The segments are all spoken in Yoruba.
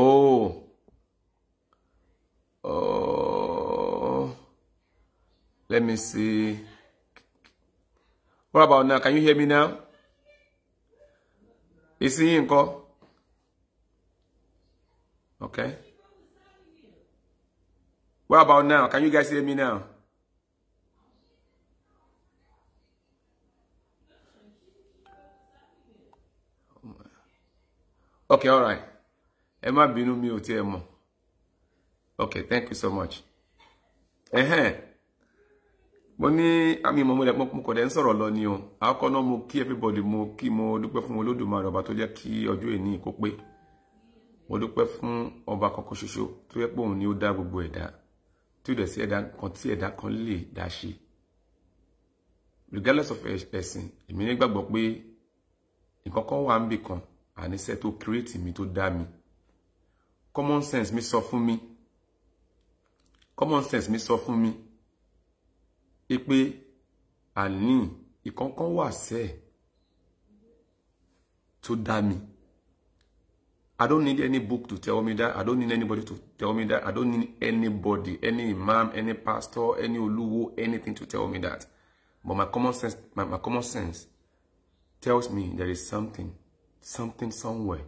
Oh. Oh. Let me see. What about now? Can you hear me now? Is he in call? Okay. What about now? Can you guys hear me now? Okay, all right. ẹ má bínú mi ò tiẹ̀ mọ̀ okay thank you so much ẹ̀hẹ́n mo ní àmì ìmọ̀ mọ́lẹ̀ pọ́npọ́n kọ̀dẹ̀ ń sọ̀rọ̀ lọ ni o àkọ́kọ́ náà mo kí everybody mo kí mo dúpẹ́ fún olódùmarè ọba tó jẹ́ kí ọjọ́ èní kó pé mo dúpẹ́ fún ọba kọ̀ọ̀kan ṣoṣo tó yẹ pé òun ni ó dá gbogbo ẹ̀dá tí ó dẹ̀ sí ẹ̀dá kan tí ẹ̀dá kan lè dá ṣe regardless of ẹ̀sìn èmi nígbàgbọ́ pé nǹkan kan wà ń bì kan àníṣe tó create mi tó dá mi common sense mi sọ fún mi common sense mi sọ fún mi ipe àní ìkọ̀ọ̀kan wà sẹ́ẹ̀ tó dá mi I don't need any book to tell me that. I don't need anybody to tell me that. I don't need anybody, any imam, any pastor, any oluwo, anything to tell me that. But my common sense, my, my common sense tells me there is something, something somewhere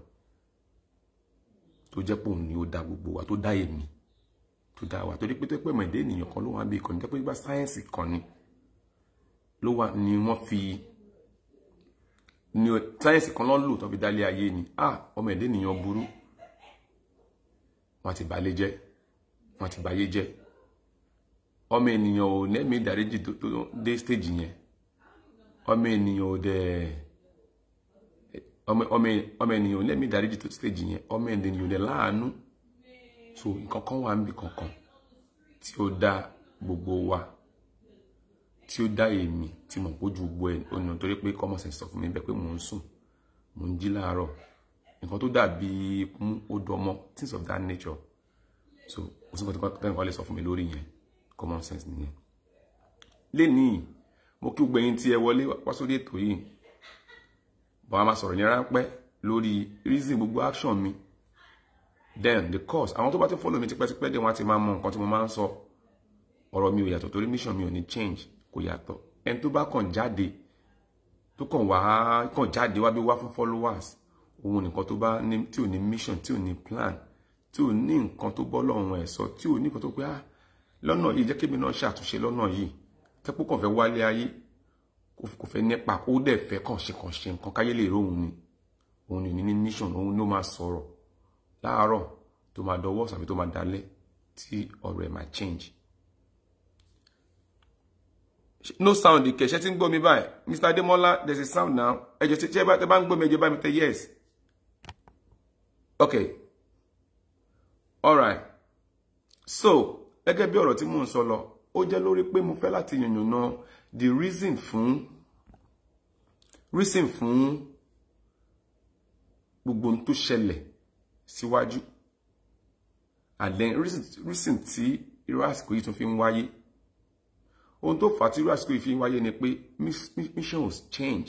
tó jẹ́ pé òun ni ó dá gbogbo wa tó dá èmi tó dá wa torí pé tó pẹ́ mọ̀dé ènìyàn kan ló wà bí ìkànnì jẹ́ gbá sáyẹ́ǹsì kan ni ló wà ni wọ́n fi ni sáyẹ́ǹsì kan ló lò tó fi dálé ayé ni ah ọmọ ẹ̀dẹ́ ènìyàn burú wọ́n ti balẹ̀ jẹ́ wọ́n ti bayé jẹ́ ọmọ ènìyàn ò lẹ́mìí ìdáríjì tó dé stage yẹn ọmọ ènìyàn ò dẹ̀ ọmọ ènìyàn lẹ́mí ìdáríjì tó stage yẹn ọmọ ènìyàn lẹ́ láàánú so nǹkan kan wà níbi kankan tí ó dá gbogbo wa tí ó dá èmi tí mo pójú gbogbo ẹ̀ ọ̀nà torí pé common sense sọ fún mi bẹ́ẹ̀ pé mò ń sùn mò ń jí láàárọ̀ nǹkan tó dàbí mú ó ọmọ things of that nature so kò sí nǹkan tó tẹ́nìkan lè sọ fún mi lórí yẹn common sense nìyẹn lénìí mo kí gbogbo ẹ̀yin tí ẹ wọlé wá sórí ètò yìí but a máa sọ̀rọ̀ ní ráńpẹ́ lórí reason gbogbo action mi then the cause àwọn tó bá ti follow mi tipẹ́tipẹ́ dé wọn á ti máa mọ nǹkan tí mo máa ń sọ ọ̀rọ̀ mi ò yàtọ̀ torí mission mi ò ní change kò yàtọ̀ ẹni tó bá kàn jáde tó kàn wá kàn jáde wá bí wá fún followers òun nìkan tó bá ní tí ò ní mission tí ò ní plan tí ò ní nǹkan tó bọ́ lọ́rùn ẹ̀ sọ tí ò ní nǹkan tó pé ah lọ́nà yìí jẹ́ kébì náà ṣàtúnṣe lọ́nà yìí tẹ́pọ̀ kàn fẹ́ wálé ayé kò fẹ́ nípa ó dẹ̀ fẹ́ kàn ṣe kàn ṣe nǹkan káyé lè róhun ni òun ni ní mission òun ló máa sọ̀rọ̀ láàárọ̀ tó máa dọwọ́ sàbí tó máa dalẹ̀ tí ọ̀rọ̀ ẹ̀ máa change. no sound kẹ̀ ṣe ti ń gbọ́ mi báyìí Mr Ademola there is a sound now ẹ̀jẹ̀ ṣe ṣe bá ń gbọ́ mi ẹ̀jẹ̀ bá mi tẹ yes okay alright so gẹ́gẹ́ bí ọ̀rọ̀ tí mò ń sọ lọ ó jẹ́ lórí pé mo fẹ́ láti yànnàná the reason fún reason fún gbogbo ohun tó ṣẹlẹ̀ síwájú and then reason reason tí irú àsìkò yìí tún fi ń wáyé ohun tó fà á tí irú àsìkò yìí fi ń wáyé ni pé mission was change,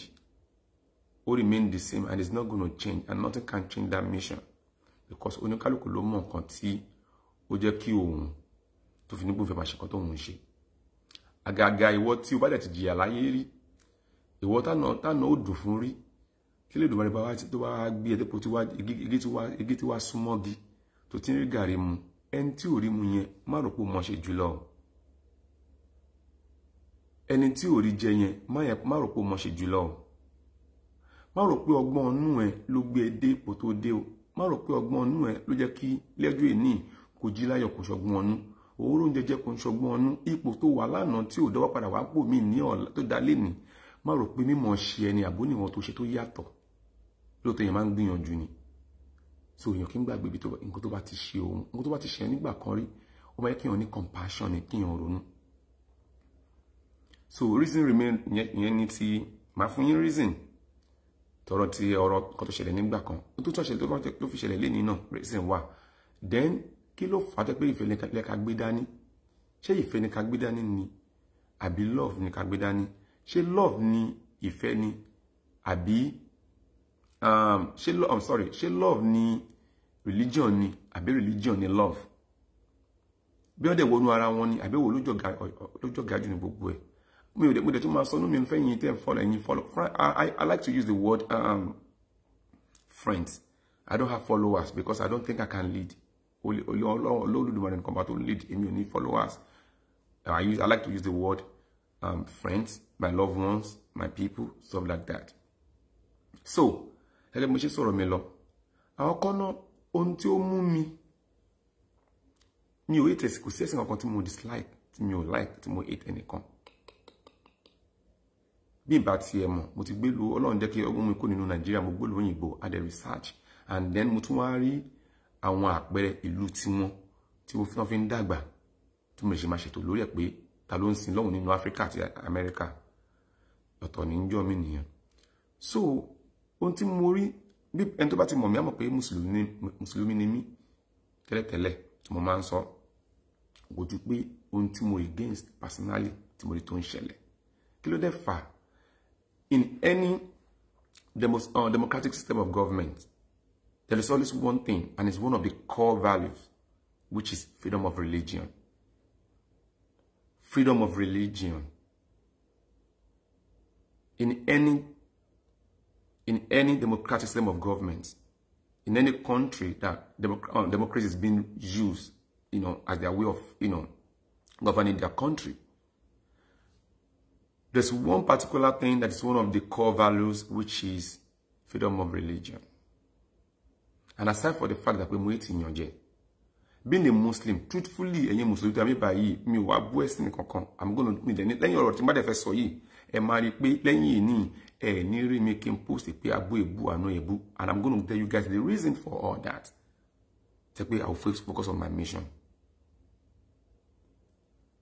ó remain the same and it's not gonna change and nothing can change that mission because oníkálukú ló mọ nǹkan tí o, jẹ́ kí òun tó fi nígbò fẹ́ máa ṣe nǹkan tóun ń ṣe àgàgà ìwọ tí o bá dẹ̀ ti jìyà láyé rí ìwọ tánà ó dùn fún rí kí lè dùnmọ́ nípa tó bá gbé ẹ dépò igi tí wá súnmọ́gi tó ti ń rí gàrí mu ẹni tí ò rí mu yẹn má rò pé mọ̀ ṣe jùlọ ẹni tí ò rí jẹ yẹn má rò pé mọ̀ ṣe jùlọ má rò pé ọgbọ́n inú ẹ ló gbé ẹ dé ipò tó dé o má rò pé ọgbọ́n inú ẹ ló jẹ́ kí lẹ́jọ́ ìní kò jí láyọ̀ kò ṣọgbọ́n ọnú òórùn jẹjẹ kò ń ṣọgbọ́n ọnú ipò tó wà lánàá tí ò dọ́wọ́ padà wá pò mí ní ọ̀la tó dá lé ní má rò pé mímọ̀ ṣe ẹni àbó níwọ̀n tó ṣe tó yàtọ̀ lóòótọ́ yẹn máa ń gbìyànjú ni so èèyàn kí ń gbàgbé ibi nǹkan tó bá ti ṣe òun nǹkan tó bá ti ṣe nígbà kan rí ó máa yẹ kí èèyàn ní compassion ni kí èèyàn ronú so reason remain ìyẹn ni ti màá fún yín reason tọrọ ti ọ̀rọ̀ kan tó ṣẹlẹ̀ nígbà kan ó tó tó ṣẹlẹ̀ tó fi ṣẹlẹ̀ lẹ́ni náà reason wà then kí ló fà á tó pé ìfẹ́ lẹ́ka gbé dání ṣé ìfẹ́ ni ká gbé dání ni àbí love ni ká gbé dání ṣé love ni ìfẹ́ ni àbí um, ṣé i'm sorry ṣé love ni religion ni àbí religion ni love bí ọ̀dẹ̀ wọnú ara wọn ni àbí wo lójọ́ ga jù ní gbogbo ẹ̀ mi ò dẹ̀ mo dẹ̀ tún máa sọ inú mi fẹ́ yin tẹ́ follow ẹ̀yin follow I, I, I like to use the word um, friends I don't have followers because I don't think I can lead Olódùmarè nìkan bá tó lead èmi ò ní followers I use I like to use the word um, friends my loved ones my people stuff like that so gẹ́gẹ́ bí mo ṣe sọ̀rọ̀ mi lọ àwọn kan náà ohun tí ó mú mi mi ò hate ẹ̀sìn kò sí ẹ̀sìn kankan tí mo dislike tí mi ò like tí mo hate ẹnìkan bí ìbá ti ẹ mọ̀ mo ti gbélu Ọlọ́run jẹ́ kí ọgbọ́n mi kó nínú Nàìjíríà mo gbélu òyìnbó adẹ research and then mo tún wá rí àwọn àpẹẹrẹ ìlú tiwọn tí wọ́n fi ń dàgbà tí mo lè ṣe máa ṣètò lórí ẹ̀ pé ta ló ń sin lọ́hùn nínú áfíríkà àti amẹ́ríkà ọ̀tọ̀ ní jọ́ mi nìyẹn so ohun tí mo rí bí ẹni tó bá ti mọ̀ mí á pé mùsùlùmí ni mí tẹ́lẹ̀tẹ́lẹ̀ tí mo máa ń sọ kò ju pé ohun tí mo against personally tí mo rí tó ń ṣẹlẹ̀ kí ló dẹ̀ fà in any demos, uh, democratic system of government There is always one thing, and it's one of the core values, which is freedom of religion. Freedom of religion. In any, in any democratic system of government, in any country that uh, democracy is being used, you know, as their way of, you know, governing their country. There's one particular thing that is one of the core values, which is freedom of religion. and aside for the fact that pé mo ti yàn being a muslim truthfully ẹ̀yin muslim tàbí báyìí mi wá bú ẹ̀sìn kankan i'm going to mi dẹ̀ ní lẹ́yìn ọ̀rọ̀ tí n bá dẹ̀ fẹ́ sọ yìí ẹ máa rí pé lẹ́yìn ìní ẹ ní rí mi kí n post pé abú èbú àná èbú and i'm going to tell you guys the reason for all that ṣe pé i will focus on my mission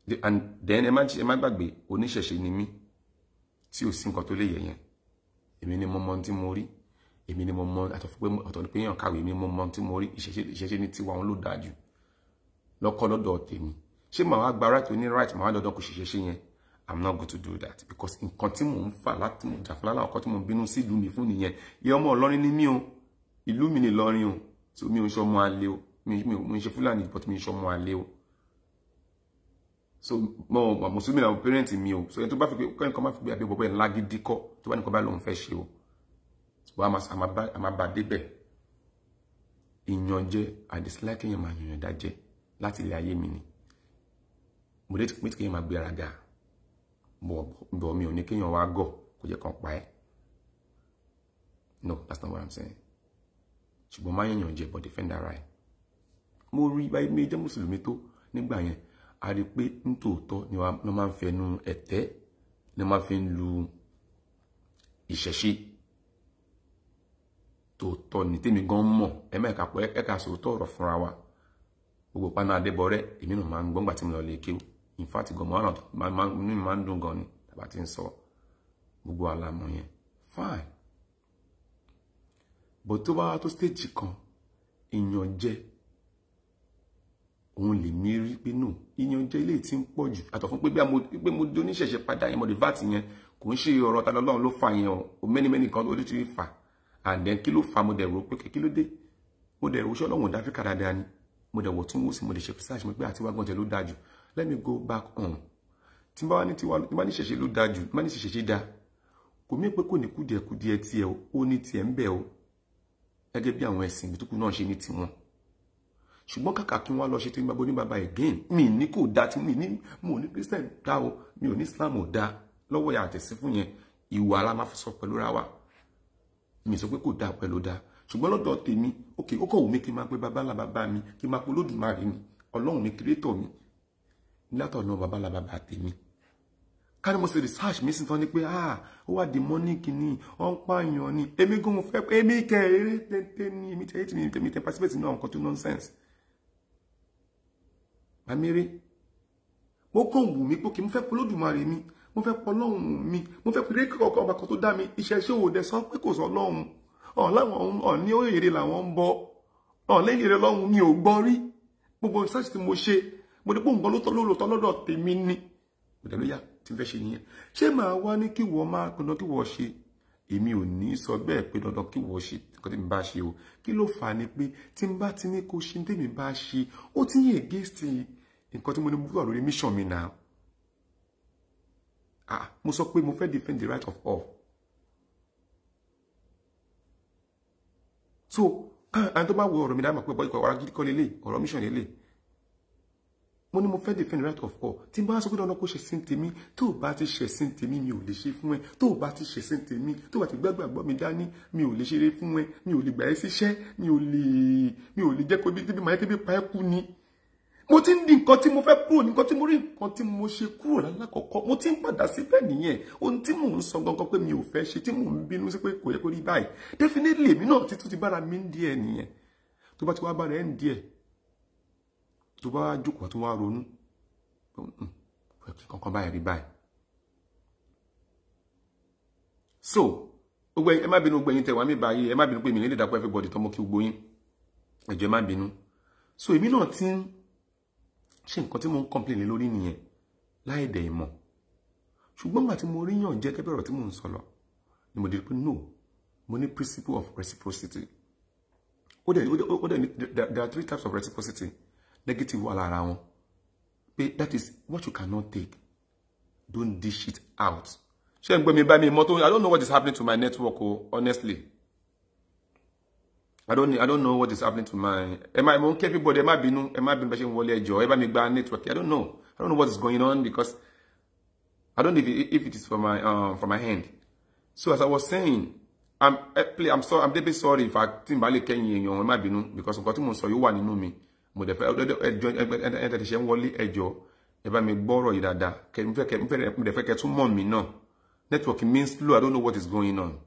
the, and then ẹ má ẹ má gbàgbé oníṣẹ̀ṣe ni mí tí ò sí nǹkan tó lè yẹ yẹn èmi ni mo mọ ohun èmi ni mo mọ àtọ̀fún pé ọ̀tọ̀ ni pé èèyàn kàwé èmi mo mọ tí mo rí ìṣẹ́ṣe ní tiwa òun ló dáa jù lọ́kọ́ lọ́dọ̀ tèmi ṣé màá wá gba right oní right màá wá dandan kò ṣiṣẹ́ ṣe yẹn i'm not going to do that because nǹkan tí mò ń fà láti mò jà fúnlá láwọn kan tí mò ń bínú sí ìlú mi fún nìyẹn ìyá ọmọ ọlọ́rin ní mí o ìlú mi ni lọ́rin o tí mi ò ọmọ àlè o mi ń ṣe fúlàní but mi ń ọmọ àlè o so mo mùsùlùmí làwọn pẹrẹǹtì mi o so ẹni tó bá fi pé kọ́ ẹnìkan má fi gbé àbí bọ́bọ́ ẹ̀ ńlá gidi kọ́ tó bá nìkan bá lòun fẹ́ ṣe o wà á máa bá débẹ̀ ìyànjẹ àdìsílẹ̀ kéèyàn máa yàn dájẹ́ láti ilé ayé mi ni mo dé pé kéèyàn máa gbé ara ga bọ̀ mi ò ní kéèyàn wá gọ̀ kó jẹ́ kàn pa ẹ́ no that's not what i'm saying ṣùgbọ́n máa yàn jẹ́ but defend ara ẹ̀ mo rí báyìí mi jẹ́ mùsùlùmí tó nígbà yẹn a rí pé nítòótọ́ ni wọ́n máa ń fẹnu ẹ̀tẹ́ ni wọ́n máa fi lu ìṣẹ̀ṣe tòótọ́ ní tèmi gan mọ̀ ẹ má ẹ̀ka pọ̀ ẹ̀ka ọ̀rọ̀ fúnra wa gbogbo paná adébọrẹ́ èmi náà máa ń gbọ́ngbà tí mo lọ lè kéwù in fact gan mi máa ń dùn gan ni tàbá ti ń sọ gbogbo àlàmù yẹn fine bó tó bá tó stage kan èèyàn jẹ òun lè mí rí pé nù èèyàn jẹ ilé tí ń pọ̀ jù àtọ̀ fún pé bí mo di oníṣẹ̀ṣẹ̀ padà yẹn mo di vat yẹn kò ń ṣe ọ̀rọ̀ ta lọ́lọ́run ló fà yẹn o many many kan ló fà á and then kí ló fa mo dẹ̀ rò pé kí ló dé mo dẹ̀ rò ṣọ́lọ́wọ̀n ọ̀dà áfíríkà dáadáa ni mo dẹ̀ wọ̀ tún wò sí mo dẹ̀ ṣe research mo pé àti wá gbọ́njẹ ló dáa jù let me go back on tí bá wá ní tiwa tí bá ní ṣẹ̀ṣẹ̀ ló dáa jù tí bá ní ṣẹ̀ṣẹ̀ ṣe dáa kò mí pé kò ní kùdìẹ̀kùdìẹ̀ tiẹ̀ ó ní tiẹ̀ ń bẹ̀ o gẹ́gẹ́ bí àwọn ẹ̀sìn ìbítúkú náà ṣe ní tiwọn ṣùgbọ́n kàkà kí wọ́n lọ ṣe tí gbogbo ní again mi ní kò dá tí mi ní mo ní Christian dá o mi ò ní Islam ò dá lọ́wọ́ yà àtẹ̀sí fún yẹn ìwà la pẹ̀lú ra wa mi sọ pé kò dáa pẹ̀lú dáa ṣùgbọ́n lọ́dọ̀ tèmi òkè ó kọ̀ wù mí kí n máa pe babalá bàbá mi kí n máa pe olódùmarè mi ọlọ́run mi kírétọ̀ mi látọ̀nà babalá bàbá tèmi kárí mo ṣe research mi sì tán ni pé ah ó wà di mọ́ní kìíní ó ń pààyàn ni èmi gan mo fẹ́ èmi kẹ eré tẹ́tẹ́ ni èmi tẹ́yẹ́ tí mi tẹ́mi tẹ́ participate nínú àwọn nǹkan tó nonsense mamire mo kàn wù mí pé kí n fẹ́ pe olódùmarè mi mo fẹ́ pọ lọ́hùn mi mo fẹ́ pèrè kíkọ̀ọ̀kan ọba kan tó dá mi iṣẹ́ ṣé ò dẹ̀ sọ pé kò sọ lọ́hùn ọ̀n láwọn ọ̀n ní èrè làwọn ń bọ ọ̀n lẹ́yìn rẹ̀ lọ́hùn mi ò gbọ́ rí gbogbo research tí mo ṣe mo dé gbóǹgbọ́n ló tọ́ ló tọ́ lọ́dọ̀ tèmi ni òdẹ̀ ló yà tí fẹ́ ṣe nìyẹn ṣé màá wá ní kí wọ́n máa pinnu kí wọ́n ṣe èmi ò ní sọ bẹ́ẹ̀ pé dandan kí wọ́n ṣe nǹkan tí mi bá ṣe o kí ló fà á pé tí n bá ti ní kó ṣe ní tèmi bá ṣe ó ti ń yẹ gẹ́sì nǹkan tí mo ní mo gbọ́dọ̀ lórí mission mi náà ah mo sọ pé mo fẹ́ defend the right of all so and tó bá wo ọ̀rọ̀ mi dáhùn pé bọ́jú ọ̀rọ̀ gidi kọ́ lélẹ̀ ọ̀rọ̀ mission lélẹ̀ mo ní mo fẹ́ defend right of all tí n bá sọ pé dandan kó ṣẹ̀sìn tèmi tó o bá ti ṣẹ̀sìn tèmi mi ò lè ṣe fún ẹ tó o bá ti ṣẹ̀sìn tèmi tó o bá ti gbàgbọ́ mi dání mi ò lè ṣeré fún ẹ mi ò lè gbà ẹ́ síṣẹ́ mi ò lè mi ò lè jẹ́ kó bí débi máa yẹ kébé pa ẹ́ kú ni mo ti ń di nǹkan tí mo fẹ́ kúrò nǹkan tí mo rí nǹkan tí mo ṣe kúrò lálákọ̀ọ́kọ́ mo ti ń padà síbẹ̀ nìyẹn ohun tí mò ń sọ gangan pé mi ò fẹ́ ṣe tí mò ń bínú sí pé kò yẹ kó rí báyìí definitely èmi náà ti ti bára mi ń di ẹ nìyẹn tó bá ti wá bára ẹ ń di ẹ tó bá jókòó tó wá ronú hmm, kankan báyìí rí báyìí. so gbogbo ẹ má bínú gbogbo ẹ̀yin tẹ́ wá mi báyìí ẹ má bínú pé mi lè dàpọ̀ everybody tọmọ kí gbogbo yín ẹ má bínú so èmi náà ti ń ṣé nǹkan tí mo ń complain lórí nìyẹn láì ìmọ̀ ṣùgbọ́n gbà tí mo rí yàn jẹ́ gẹ́gẹ́ ọ̀rọ̀ tí mo ń sọ ni mo di pé no mo ní principle of reciprocity ó dẹ̀ ó dẹ̀ ní there are three types of reciprocity negative wà lára wọn pé that is what you cannot take don't dish it out ṣé n gbọ́ mi bá mi mọ́ tó I don't know what is happening to my network o honestly. I don't I don't know what is happening to my Am I mo ń kẹ́ everybody ẹ má bínú ẹ má bínú bá ṣe ń wọlé ẹjọ́ network I don't know I don't know what is going on because I don't even if it, if it is for my um, for my hand so as I was saying I'm play I'm sorry I'm deeply sorry if I think bá lè kẹ́yìn èèyàn ẹ má bínú because nǹkan tí mo ń sọ yóò wà nínú mi mo the fẹ́ ẹjọ́ ẹ tẹ̀ ṣe ń wọlé ẹjọ́ ẹ bá mi gbọ́rọ̀ yìí dáadáa kẹ mo dẹ̀ fẹ́ kẹ tún mọ̀ mí náà network means slow I don't know what is going on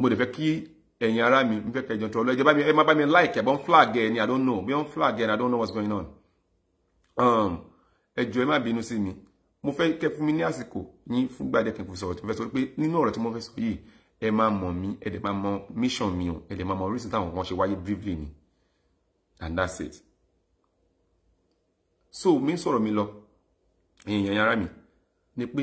mo dẹ̀ fẹ́ kí ẹ̀yin ara mi n fẹ́ kẹjọ tó lọ ẹ jẹ́ bá mi ẹ má bá mi like ẹ bọ́n flag ẹ ni i don't know bọ́n flag ẹ ni i don't know what's going on um, ẹ jọ̀ọ́ ẹ má bínú sí mi mo fẹ́ kẹ́ fún mi ní àsìkò yín fún gbàdé kí n kò sọ̀rọ̀ tí mo fẹ́ sọ pé nínú ọ̀rọ̀ tí mo fẹ́ sọ yìí ẹ máa mọ̀ mí ẹ dẹ̀ máa mọ̀ mission mi o ẹ dẹ̀ máa mọ̀ orísun táwọn kan ṣe wáyé briefly ni and that's it so mi sọ̀rọ̀ mi lọ èèyàn ara mi ni pé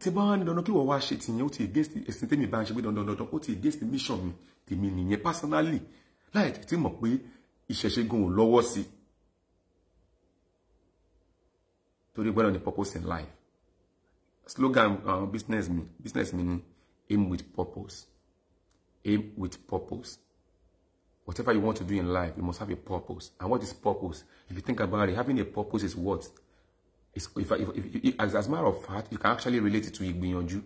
tí bá wà ní dandan kí wọ́n wá ṣe tìyẹn ó ti against ẹ̀sìn tèmi bá ń ṣe pé dandan dandan ó ti against mission mi tèmi nìyẹn personally láì tètè mọ̀ pé ìṣẹ̀ṣẹ́gun ò lọ́wọ́ sí torí gbọ́dọ̀ ní purpose in life slogan uh, business mi business mi ni aim with purpose aim with purpose whatever you want to do in life you must have a purpose and what is purpose if you think about it having a purpose is what If, if, if, if, as, as a matter of fact, you can actually relate it to ìgbìyànjú.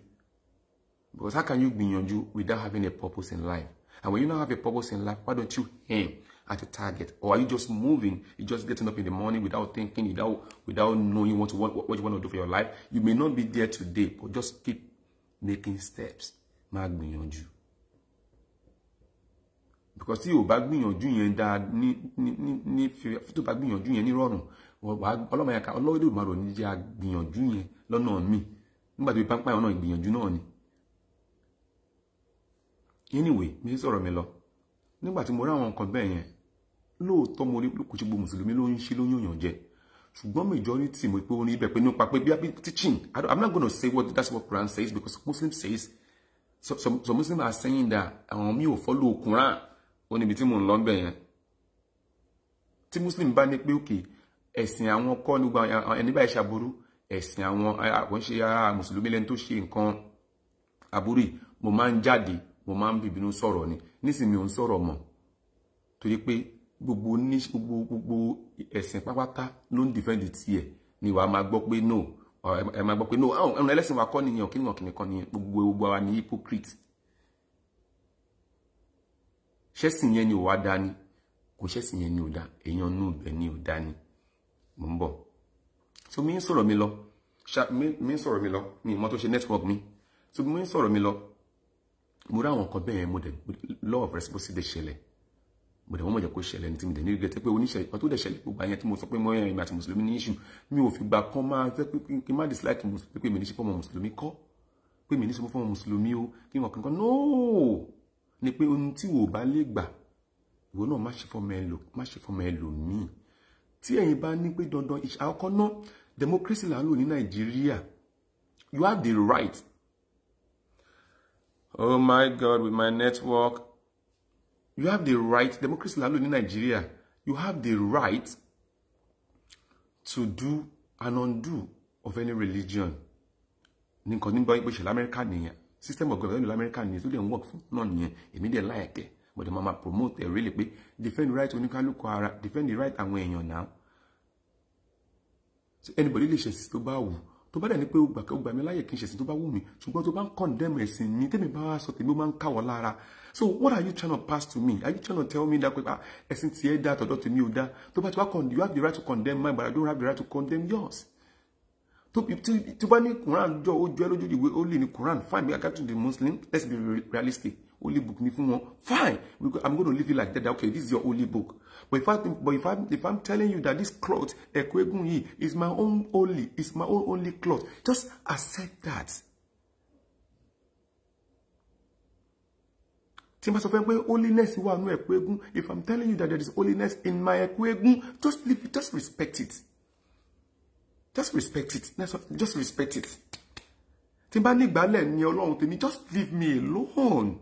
Because how can you gbìyànjú without having a purpose in life? And when you don't have a purpose in life, why don't you aim at a target? Or are you just moving? You're just getting up in the morning without thinking, without without knowing what, what, what you want to do for your life. You may not be there today, but just keep making steps. Má gbìyànjú. Because tí o bá gbìyànjú yẹn dáa ní ní ní ní tó bá gbìyànjú yẹn ní rọrùn ọlọ́mọ yẹn ká ọlọ́wọ́ ní jẹ́ àgbìyànjú yẹn lọ́nà mi nígbà tó fi pápá ọ̀nà ìgbìyànjú náà ni. anyway mi ṣe sọ̀rọ̀ mi lọ nígbà tí mo rí àwọn nǹkan bẹ́ẹ̀ yẹn lóòótọ́ mo rí kò ṣe gbogbo mùsùlùmí ló ń ṣe ló yàn jẹ ṣùgbọ́n majority mo pé ó ibẹ̀ pé nípa pé bí teaching I'm not gonna say what that's what Quran says because Muslim says some some Muslim are saying that àwọn mi ò follow Quran ó níbi tí mo ń lọ bẹ̀ yẹn tí Muslim bá ní pé okay ẹ̀sìn àwọn kọ́ nígbà ẹni báyìí ṣàbúrú ẹ̀sìn àwọn àkọ́ṣe ara mùsùlùmí lẹ́ni tó ṣe nǹkan àbúrò mo máa ń jáde mo máa ń bìbínú sọ̀rọ̀ ni nísìnyí mi ò ń sọ̀rọ̀ mọ́ torí pé gbogbo ẹ̀sìn pápátá ló ń dìfẹ́ǹdì tiẹ̀ ni wàá máa gbọ́ pé no ẹ máa gbọ́ pé no ẹ̀rùn ẹlẹ́sìn wa kọ́ nìyẹn kí nìkan kìnìkan nìyẹn gbogbo gbogbo àwa ni hypocrite ṣẹ́sìn yẹn ni ò wá dání kò ṣẹ́sìn yẹn ni ò dá èèyàn nù bẹ́ẹ̀ ni ò dání mo ń bọ̀ so mi ń sọ̀rọ̀ mi lọ mi ń sọ̀rọ̀ mi lọ mi ìmọ̀ tó ṣe network mi so mi ń sọ̀rọ̀ mi lọ mo rí àwọn nǹkan bẹ́ẹ̀ mo dẹ̀ law of responsibility dẹ̀ ṣẹlẹ̀ mo dẹ̀ wọ́n mọ̀ jẹ́ kó ṣẹlẹ̀ ní ti mi dẹ̀ ní rí gẹ́tẹ́ pé oníṣẹ̀lẹ̀ kan tó dẹ̀ ṣẹlẹ̀ gbogbo àyẹn tí mo sọ pé mọ́yán ìmọ̀ àti mùsùlùmí ní issue mi ò fi gbà kan máa jẹ́ pé kí n má dislike mùsùlùmí pé mi ní ṣe fọ́mọ mùsùlùmí kọ́ pé mi ní ṣe fọ́mọ mùsùlùmí o kí wọn kankan no ni pé ohun tí wò bá lè gbà ìwọ náà má ṣe fọ́mọ ẹlòmíì tí ẹ̀yin bá ní pé dandan àkọ́kọ́ náà democracy là ń lò ní you have the right oh my god with my network you have the right democracy là ń lò ní you have the right to do and undo of any religion nǹkan nígbà ìpèsè America nìyẹn system of government lamẹ́ríkà America tó dẹ̀ ń work fún náà nìyẹn èmi dẹ̀ láyẹ̀kẹ́ But Mama promote ẹ̀ really pé defend right oníkálukú ara defend the right àwọn èèyàn náà anybody lè ṣẹ̀sìn tó bá wù tó bá dẹ̀ ní pé ó gbà kí ó gbà mí láyè kí n ṣẹ̀sìn tó bá wù mí ṣùgbọ́n tó bá ń condemn ẹ̀sìn mi tẹ́mi bá wá sọ tèmi ó máa ń lara. so what are you trying to pass to me are you trying to tell me that pé ah ẹ̀sìn tiẹ̀ dá tọ̀dọ̀ tèmi ò dá tó bá ti wá you have the right to condemn mine but I don't have the right to condemn yours tó bá ní Quran jọ ó jọ ẹ lójú ìwé ó lè Quran fine bí i got to the Muslim let's be realistic holy book ni fún wọn fine i'm going to leave it like that okay this is your holy book but if i but if i if i'm telling you that this cloth ẹ̀kọ́ is my own only is my own only cloth just accept that. tí if i'm telling you that there is holiness in my ẹ̀kọ́ just leave it just respect it just respect it just respect it tí just leave me alone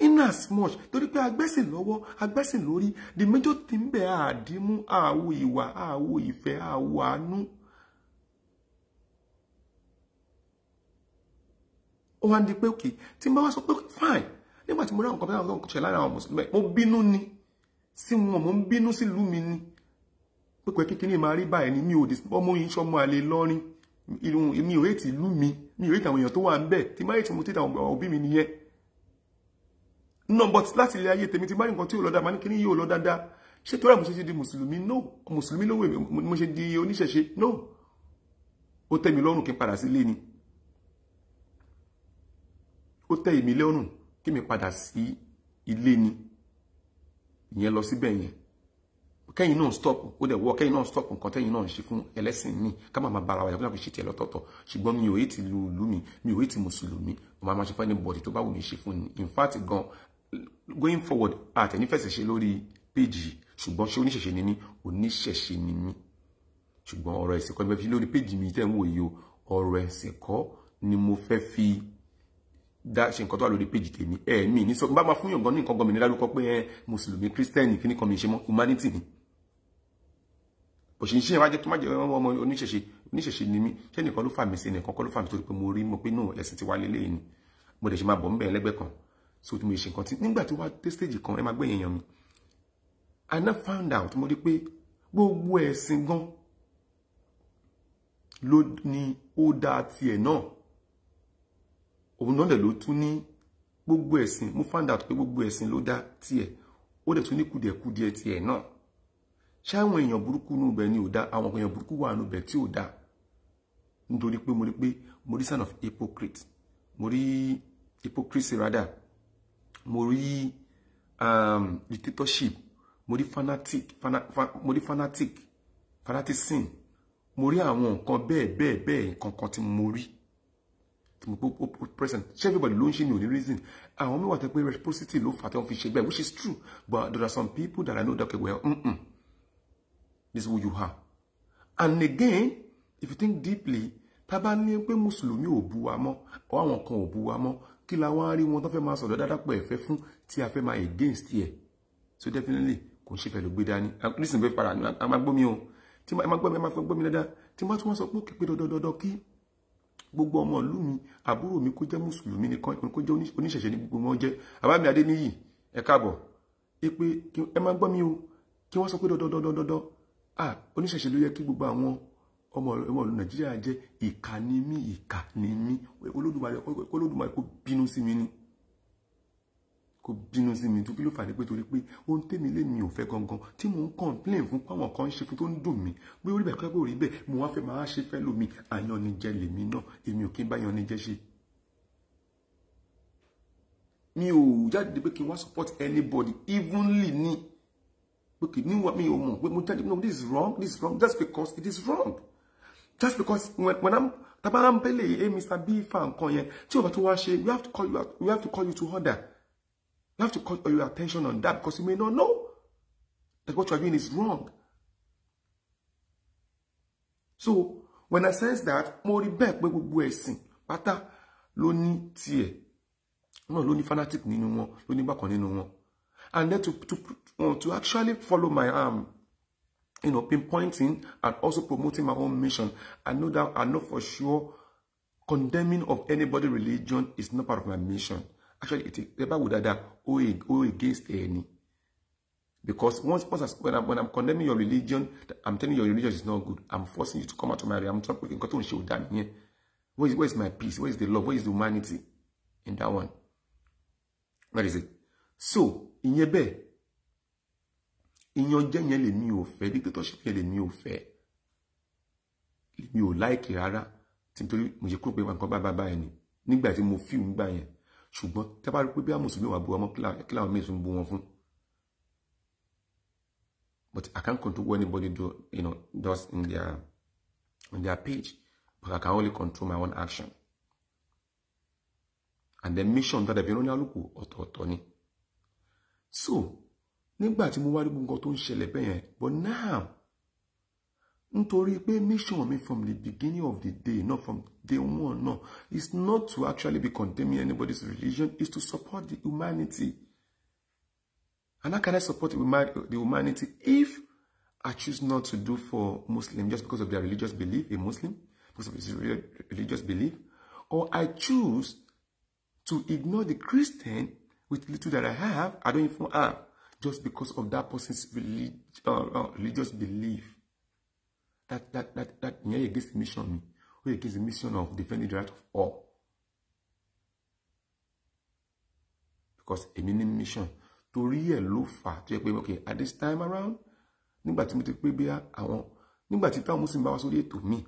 in as much torí pé agbẹ́sìn lọ́wọ́ agbẹ́sìn lórí the major thing bẹ́ẹ̀ àdímú àwo ìwà àwo ìfẹ́ àwo àánú. ó wá ń di pé òkè tí n bá wá sọ pé fine nígbà tí mo rí àwọn kan bí àwọn kan ṣe lára àwọn mùsùlùmí mo bínú ni sí wọn mo ń bínú sílùú mi ni pípẹ́ kékeré máa rí báyìí ni mi ò dì ọmọ yìí sọmọ àlè lọ́rin mi ò rètí ìlú mi mi ò rètí àwọn èèyàn tó wà ń bẹ̀ tí má rètí mo tètè àwọn òbí mi nìyẹn no but láti ilé ayé tèmi ti bá nǹkan tí ò lọ dáa máa ní kíní yìí ò lọ dáadáa ṣé torí àmúṣe ṣe di mùsùlùmí no mùsùlùmí lówó èmi mo ṣe di oníṣẹ̀ṣe no ó tẹ́ mi lọ́rùn kí n padà sílé ni ó tẹ́ èmi lọ́rùn kí mi padà sí ilé ni ìyẹn lọ síbẹ̀ yẹn kẹ́yìn náà stop ó dẹ̀ wọ́ kẹ́yìn náà stop nǹkan tẹ́yìn náà ṣe fún ẹlẹ́sìn mi ká máa bára wa yàtọ̀ ṣe tiẹ̀ lọ́tọ̀ọ̀tọ̀ ṣùgbọ́n mi ò yé ti lu ìlú mi mi ò yé ti mùsùlùmí mo máa ṣe fún ẹni bọ̀dì tó bá wù mí ṣe fún ni in fact gan going forward àtẹ̀nífẹ̀sẹ̀ ṣe lórí péjì ṣùgbọ́n ṣé oníṣẹ̀ṣe ni mí oníṣẹ̀ṣe ni mí ṣùgbọ́n ọ̀rọ̀ ẹ̀sìn kọ́ ni mo fẹ́ fi lórí péjì mi tẹ́ ń wò yìí o ọ̀rọ̀ ẹ̀sìn kọ́ ni mo fẹ́ fi dá ṣe nǹkan tó wà lórí péjì tèmi ẹ̀mí ní sọ bá máa fún yàngàn ní nǹkan gọmìnira lárúkọ pé ẹ mùsùlùmí kírísítẹ́nì kí nìkan mi ṣe mọ́ humanity ni òṣìṣẹ́ ìṣe ìwájú tó má jẹ́ ọmọ oníṣẹ̀ṣe oníṣẹ̀ṣe ni mí ṣé nìkan ló fà mí sí nìkan kọ́ ló fà mí torí pé mo rí mọ̀ pé náà ẹ̀sìn ti wá lélẹ́yìn ni mo dẹ̀ ṣe máa bọ̀ ń bẹ̀ ẹlẹ́gbẹ́ kan so tí mo ṣe nǹkan tí nígbà tí wọ́n dé stage kan ẹ máa gbẹ̀yìn èèyàn mi i now found out mo rí pé gbogbo ẹ̀sìn gan ló ní ó dá tiẹ̀ náà òun náà dẹ̀ ló tún gbogbo ẹ̀sìn mo found out pé gbogbo ẹ̀sìn ló dá tiẹ̀ ó dẹ̀ tún ní kùdìẹ̀kùdìẹ̀ tiẹ̀ náà ṣé àwọn èèyàn burúkú nù bẹ̀ ni ò dá àwọn èèyàn burúkú wà nù bẹ̀ tí ò dá nítorí pé mo rí pé mo rí sign of hypocrite mo rí hypocrisy rather mo rí um, dictatorship mo rí fanatic fana, fan, mo rí fanatic fanaticism mo rí àwọn nǹkan bẹ́ẹ̀ bẹ́ẹ̀ bẹ́ẹ̀ nǹkan kan tí mo rí tí mo pé present ṣé everybody ló ń ṣe ní òní reason àwọn mi wà tó pé reciprocity ló fà tí wọ́n fi ṣe bẹ́ẹ̀ which is true but there are some people that I know that well mm -mm, this is who you are and again if you think deeply tá a bá ní pé mùsùlùmí ò bu wa mọ́ ọ àwọn kan ò bu wa mọ́ kí la wá rí wọn tó fẹ́ máa sọ̀rọ̀ dáadáa pẹ̀ fẹ́ fún tí a fẹ́ máa against ẹ̀ so definitely kò ṣe fẹ́ ló gbé dání listen bẹ́ẹ̀ para a máa gbómi o tí a máa gbómi a máa fẹ́ gbómi dáadáa tí wọ́n tún wọ́n sọ pé òkè pé dandandandan kí gbogbo ọmọ ìlú mi àbúrò mi kó jẹ́ mùsùlùmí nìkan kó jẹ́ oníṣẹ̀ṣẹ̀ ní gbogbo wọn jẹ́ àbámi adéníyì ẹ káàbọ̀ ẹ pé ẹ máa gbọ́ o kí wọ́n sọ pé dandandandan ọmọ nàìjíríà jẹ́ ìkà ni mí ìkà ni mí olódùmarè olódùmarè kò bínú sí mi ni kò bínú sí mi dúpẹ́ ló fà ní pé torí pé ohun tèmi lé mi ò fẹ́ gangan tí mò ń complain fún pàwọn kan ṣe fún tó ń dùn mí bí orí bẹ́ẹ̀ kápẹ́ orí bẹ́ẹ̀ mo wá fẹ́ máa ṣe fẹ́ lómi àyànnijẹ lèmi náà èmi ò kí ń bá yànnijẹ ṣe. mi ò jáde pé kí n wá support anybody evenly ni pé kì ní wà mí ò mọ̀ pé mo jáde no this is wrong this is wrong just because it is wrong just because when, when i'm taba n bele eh mr b fa nǹkan yẹn tí o bá tó wá ṣe we have to call you we have to call you to order we have to call your attention on that because you may not know that what you are doing is wrong so when i sense that mo rí bẹ́ẹ̀ pé gbogbo ẹ̀sìn pátá ló ní tiẹ̀ náà ló ní fanatic nínú wọn ló ní bákan nínú wọn and then to to to actually follow my um, you know, pinpointing and also promoting my own mission. I know that I know for sure condemning of anybody religion is not part of my mission. Actually, it is the Bible that that oh against any. Because once, once I, when, I'm, when I'm condemning your religion, I'm telling you your religion is not good. I'm forcing you to come out of my I'm trying to show that here. Where is, where is my peace? Where is the love? Where is the humanity in that one? That is it. So, in your bed, ìyànjẹ yẹn lèmi ò fẹ́ dictatorship yẹn lèmi ò fẹ́ lèmi ò láìkì e rárá nítorí mo ṣe kúrò pé nǹkan bá bá báyìí ni nígbà tí mo fíìmù gbà yẹn ṣùgbọ́n tábà rí pé bí àmùsùlùmí wà bú ọmọ kí làwọn míì tún bú wọn fún but I can't control what anybody do you know does in their on their page but I can only control my own action and the mission tó dàbí ìròyìn àlùkò ọ̀tọ̀ọ̀tọ̀ ni so nígbà tí mo wá rí gbogbo tó ń ṣẹlẹ̀ bẹ́ẹ̀ yẹn but now nítorí pé mission mi from the beginning of the day not from day one no it's not to actually be condemning anybody's religion it's to support the humanity and how can I support the humanity if I choose not to do for Muslim just because of their religious belief a Muslim because of his religious belief or I choose to ignore the Christian with little that I have I don't even have ah, just because of that person's relig uh, uh, religious belief. That that that that yeah, against the mission, or against the mission of defending the right of all. Because a ní mission to ẹ̀ ló fà tó okay at this time around nígbà tí mo ti pé bí àwọn nígbà tí táwọn muslim bá wá sórí ètò mi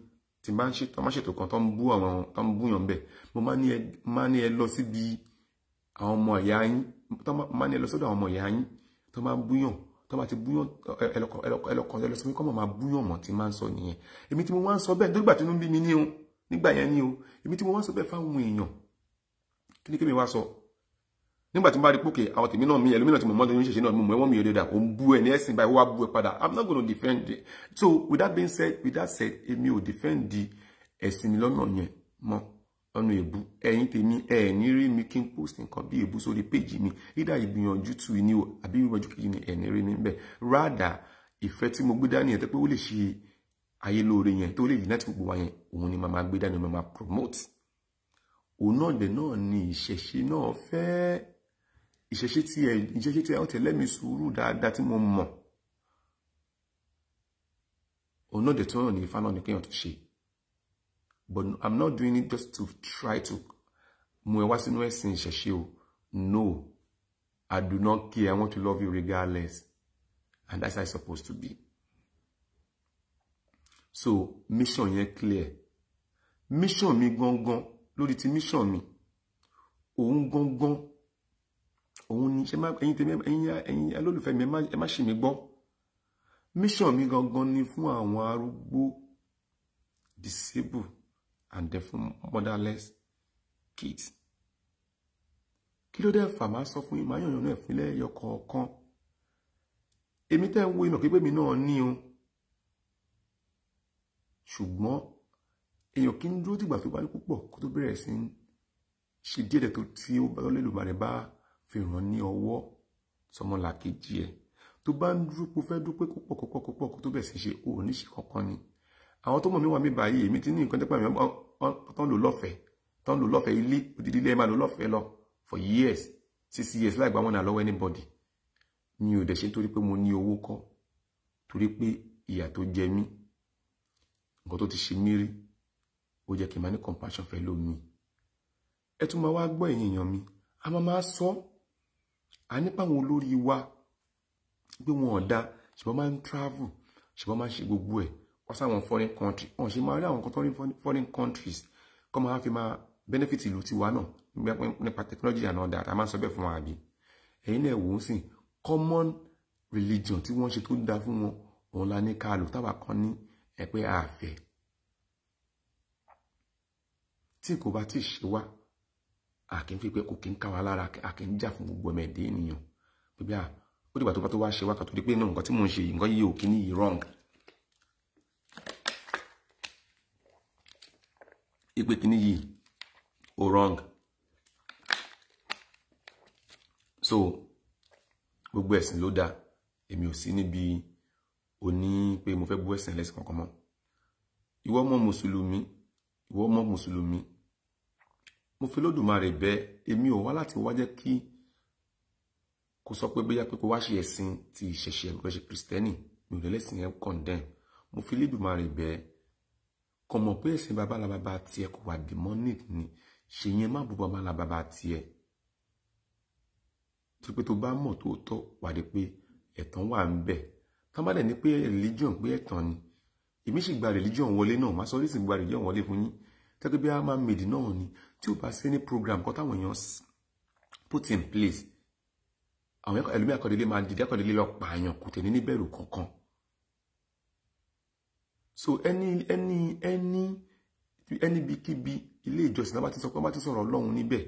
tí máa ń ṣètò máa ṣètò kan tó ń bú àwọn tó ń búyàn bẹ́ẹ̀ mo máa ní ẹ lọ síbi àwọn ọmọ ìyá yín máa ní ẹ lọ sọ́dọ̀ àwọn ọmọ ìyá yín tó máa ń búyàn tó máa ti búyàn ẹlọkàn ẹlọkàn ẹlọsọ kọ́ mọ̀ máa búyàn mọ̀ tí máa ń sọ nìyẹn èmi tí mo wá ń sọ bẹ́ẹ̀ nígbà tí inú bí mi ní o nígbà yẹn ní o èmi tí mo wá ń sọ bẹ́ẹ̀ fáwọn èèyàn kí ni kí mi wá sọ nígbà tí mo bá rí pókè àwọn tèmi náà mi ẹlòmí náà tí mo mọ́ lóyún ṣẹ̀ṣẹ̀ náà mo mọ ẹwọ́n mi òdòdà ò ń bú ẹ ní ẹ̀sìn báyìí wá bú ẹ padà i'm not gonna defend it so with that being said with that said èmi ò defend ẹ̀sìn mi lọ́nà yẹn mọ́ ọ̀nà ebu ẹ̀yin tèmi ẹ̀ ní rí mi kí n post nǹkan bí èbú sórí péjì mi rídà ìgbìyànjú tù ní o àbí ìwọ́jú kejì ni ẹ̀ ní rí mi ń bẹ̀ rádà ìfẹ́ tí mo gbé dání ẹ̀ tẹ́ pé ó lè ṣe ayé lóore yẹn tó lè yìí láti gbogbo wa yẹn òun ni màmá gbé dání màmá promote òun náà dẹ̀ náà ni ìṣẹ̀ṣe náà fẹ́ ìṣẹ̀ṣe tí ẹ ìṣẹ̀ṣe tí ẹ ọ̀tẹ̀ lẹ́mi sùúrù dáadáa tí mo mọ̀ òun náà dẹ̀ tó náà ní ifá ní kéèyàn tó ṣe but i'm not doing it just to try to mú ẹ wá no i do not care i want to love you regardless and that's how it's supposed to be so mission yẹn clear mission mi gong. lórí ti mission mi òun gangan òun ni ṣe má ẹ̀yin tèmi ẹ̀yin ẹ̀yin alólùfẹ́ mi ẹ má ṣì mí gong. mission mi gong ni fún àwọn arúgbó disable and therefore motherless kids. kí ló dé fà máa sọ fún yín máa yànyàn náà ìpínlẹ̀ ẹyọ kọ̀ọ̀kan èmi tẹ́ ń wo ìmọ̀ pípé mi náà ní o ṣùgbọ́n èèyàn kí ń dúró dìgbà tó bá rí púpọ̀ kó tó bẹ̀rẹ̀ sí ṣe díẹ̀ tó tí ó bá lọ́lẹ́lùmọ̀ rẹ̀ bá fi ràn ní ọwọ́ sọmọlàkejì ẹ̀ tó bá ń dúró pé fẹ́ dúpẹ́ púpọ̀ púpọ̀ púpọ̀ kó tó bẹ̀rẹ̀ sí ṣe òun níṣẹ́ kankan ni àwọn tó mọ̀ mí wà mí báyìí èmi ti ní nǹkan tẹ́pẹ́ mi tó ń lò lọ́fẹ̀ẹ́ tó ń lò lọ́fẹ̀ẹ́ ilé odidi ilé ẹ máa lò lọ́fẹ̀ẹ́ lọ for years six years láì gba wọn náà lọ́wọ́ anybody mi ò dẹ̀ ṣe torí pé mo ní owó kọ́ torí pé ìyà tó jẹ mí nǹkan tó ti ṣe mí rí ó jẹ́ kí n máa ní compassion fẹ́ lómi ẹ tún máa wá gbọ́ ẹ̀yin èèyàn mi a máa máa sọ a nípa àwọn olórí wa pé wọn ò ṣùgbọ́n máa ń travel ṣùgbọ́n máa ń ṣe gbogbo ẹ̀ wọ́n sáwọn foreign country wọ́n ṣe máa rí àwọn kọ́tọ́rí foreign countries kọ́ máa fi máa benefit ìlú tiwa náà nípa technology and all that a máa sọ bẹ́ẹ̀ fún wa àbí ẹ̀yin náà wò ó sìn common religion tí wọ́n ṣe tó dáa fún wọn òun la ní ká lò táwa kan ní ẹ̀pẹ́ ààfẹ́ tí kò bá ti ṣe wá àkín fi pé kò kí ń ká wa lára àkín jà fún gbogbo ẹ̀mẹ̀dé ènìyàn pé bí ó dìgbà tó bá tó wá ṣe wá kàtó pé náà nǹkan tí mò ń ṣe nǹkan yìí ò kí ní yìí wrong ìpè kìíní orong ó wrong so gbogbo ẹ̀sìn ló dáa èmi ò sí níbi òní pé mo fẹ́ bú ẹ̀sìn lẹ́sìn kankan mọ́ ìwọ ọmọ mùsùlùmí ìwọ ọmọ mùsùlùmí mo fi lódùmarè bẹ̀ èmi ò wá láti wá jẹ́ kí kò sọ pé bóyá pé kò wá ṣe ẹ̀sìn ti ìṣẹ̀ṣẹ̀ ẹ̀kọ́ ṣe kìrìsìtẹ́nì mi ò lẹ́lẹ́sìn ẹ̀ condemn mo fi lódùmarè bẹ̀ ẹ́ kò mọ̀ pé ẹ̀sìn babalababa tiẹ̀ kò wà demonic ni ṣe yẹn má bu babalababa tiẹ̀ tí pé tó bá mọ̀ tó wà dé pé ẹ̀tàn wà ń bẹ̀ tán bá dẹ̀ ní pé religion pé ẹ̀tàn ni èmi sì gba religion wọlé náà má sọ orísìí gba religion wọlé fún yín tẹ́tọ́ bí a máa mèdì náà ni tí ó bá sí ní program kan táwọn èèyàn put in place àwọn ẹlòmíì akọ̀délé máa dìde akọ̀délé lọ pààyàn kò tẹ̀ ní níbẹ̀rù kankan so ẹni ẹni ẹni ẹni bíkíbi ilé ìjọsìn náà bá ti sọ pé wọ́n bá ti sọ̀rọ̀ ọlọ́run níbẹ̀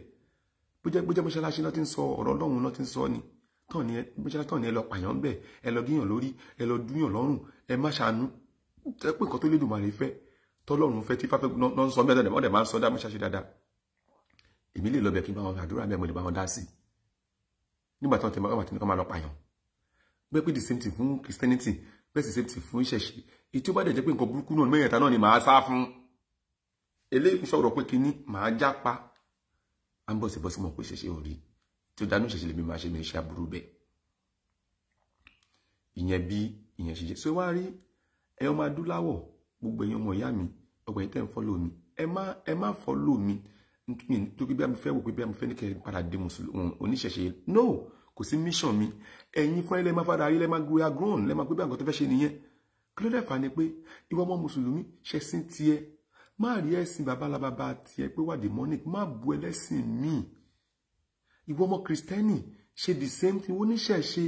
bójẹ́ bójẹ́ mọ́ṣáláṣí náà ti ń sọ ọ̀rọ̀ ọlọ́run náà ti ń sọ ni tọ́ọ̀ni ẹ mọ́ṣáláṣí tọ́ọ̀ni ẹ lọ pààyàn bẹ́ẹ̀ ẹ lọ gíyàn lórí ẹ lọ dúyàn lọ́rùn ẹ má ṣàánú ẹ pé nǹkan tó lè dùn màrí fẹ́ tọ́lọ́run fẹ́ tí fáfẹ́ náà ń sọ mẹ́ta dẹ̀ mọ́dẹ̀ máa ń sọ dá mọ́ṣáláṣí dáadáa èmi lè lọ bẹ̀ kí bá wọn àdúrà bẹ́ẹ̀ mo lè bá wọn dá sí nígbà tí wọ́n ti máa lọ pààyàn bẹ́ẹ̀ pé the same thing fún Christianity bẹ́ẹ̀ sì ṣe fún ìṣẹ̀ṣe ètí ó bá dẹ̀ jẹ́ pé nǹkan burúkú náà mẹ́rẹ̀ta náà ni màá sá fún eléyìí sọ̀rọ̀ pé kinní màá jápa à ń bọ̀ sí bọ́ sí mọ̀ pé ṣẹ̀ṣẹ̀ ò tí ó dánú ìṣẹ̀ṣẹ̀ lèmi máa ṣe mi ṣe aburú bẹ́ẹ̀ ìyẹn bí ìyẹn ṣe jẹ́ ṣé wá rí ẹ ọmọ adúláwọ̀ gbogbo ẹ̀yin ọmọ ìyá mi ọgbà yìí tẹ̀ ń fọ́lọ́ mi ẹ má ẹ fọ́lọ́ mi nítorí bí a fẹ́ wò pé bí a fẹ́ ní kẹ́ padà dé mùsùlùmí oníṣẹ̀ṣe no kò sí mission mi ẹ̀yin fún ẹlẹ́mà fàdà ayé lẹ́mà gbé agrón lẹ́mà pé bí àgọ́ tó fẹ́ ṣe nìyẹn kí ló dẹ̀fà ni pé ìwọ ọmọ mùsùlùmí ṣẹ̀sìn tiẹ̀ má rí ẹ̀sìn babalábàbà tiẹ̀ pé wà demonic má bu ẹlẹ́sìn míì ìwọ ọmọ kristẹni ṣe the same thing oníṣẹ̀ṣe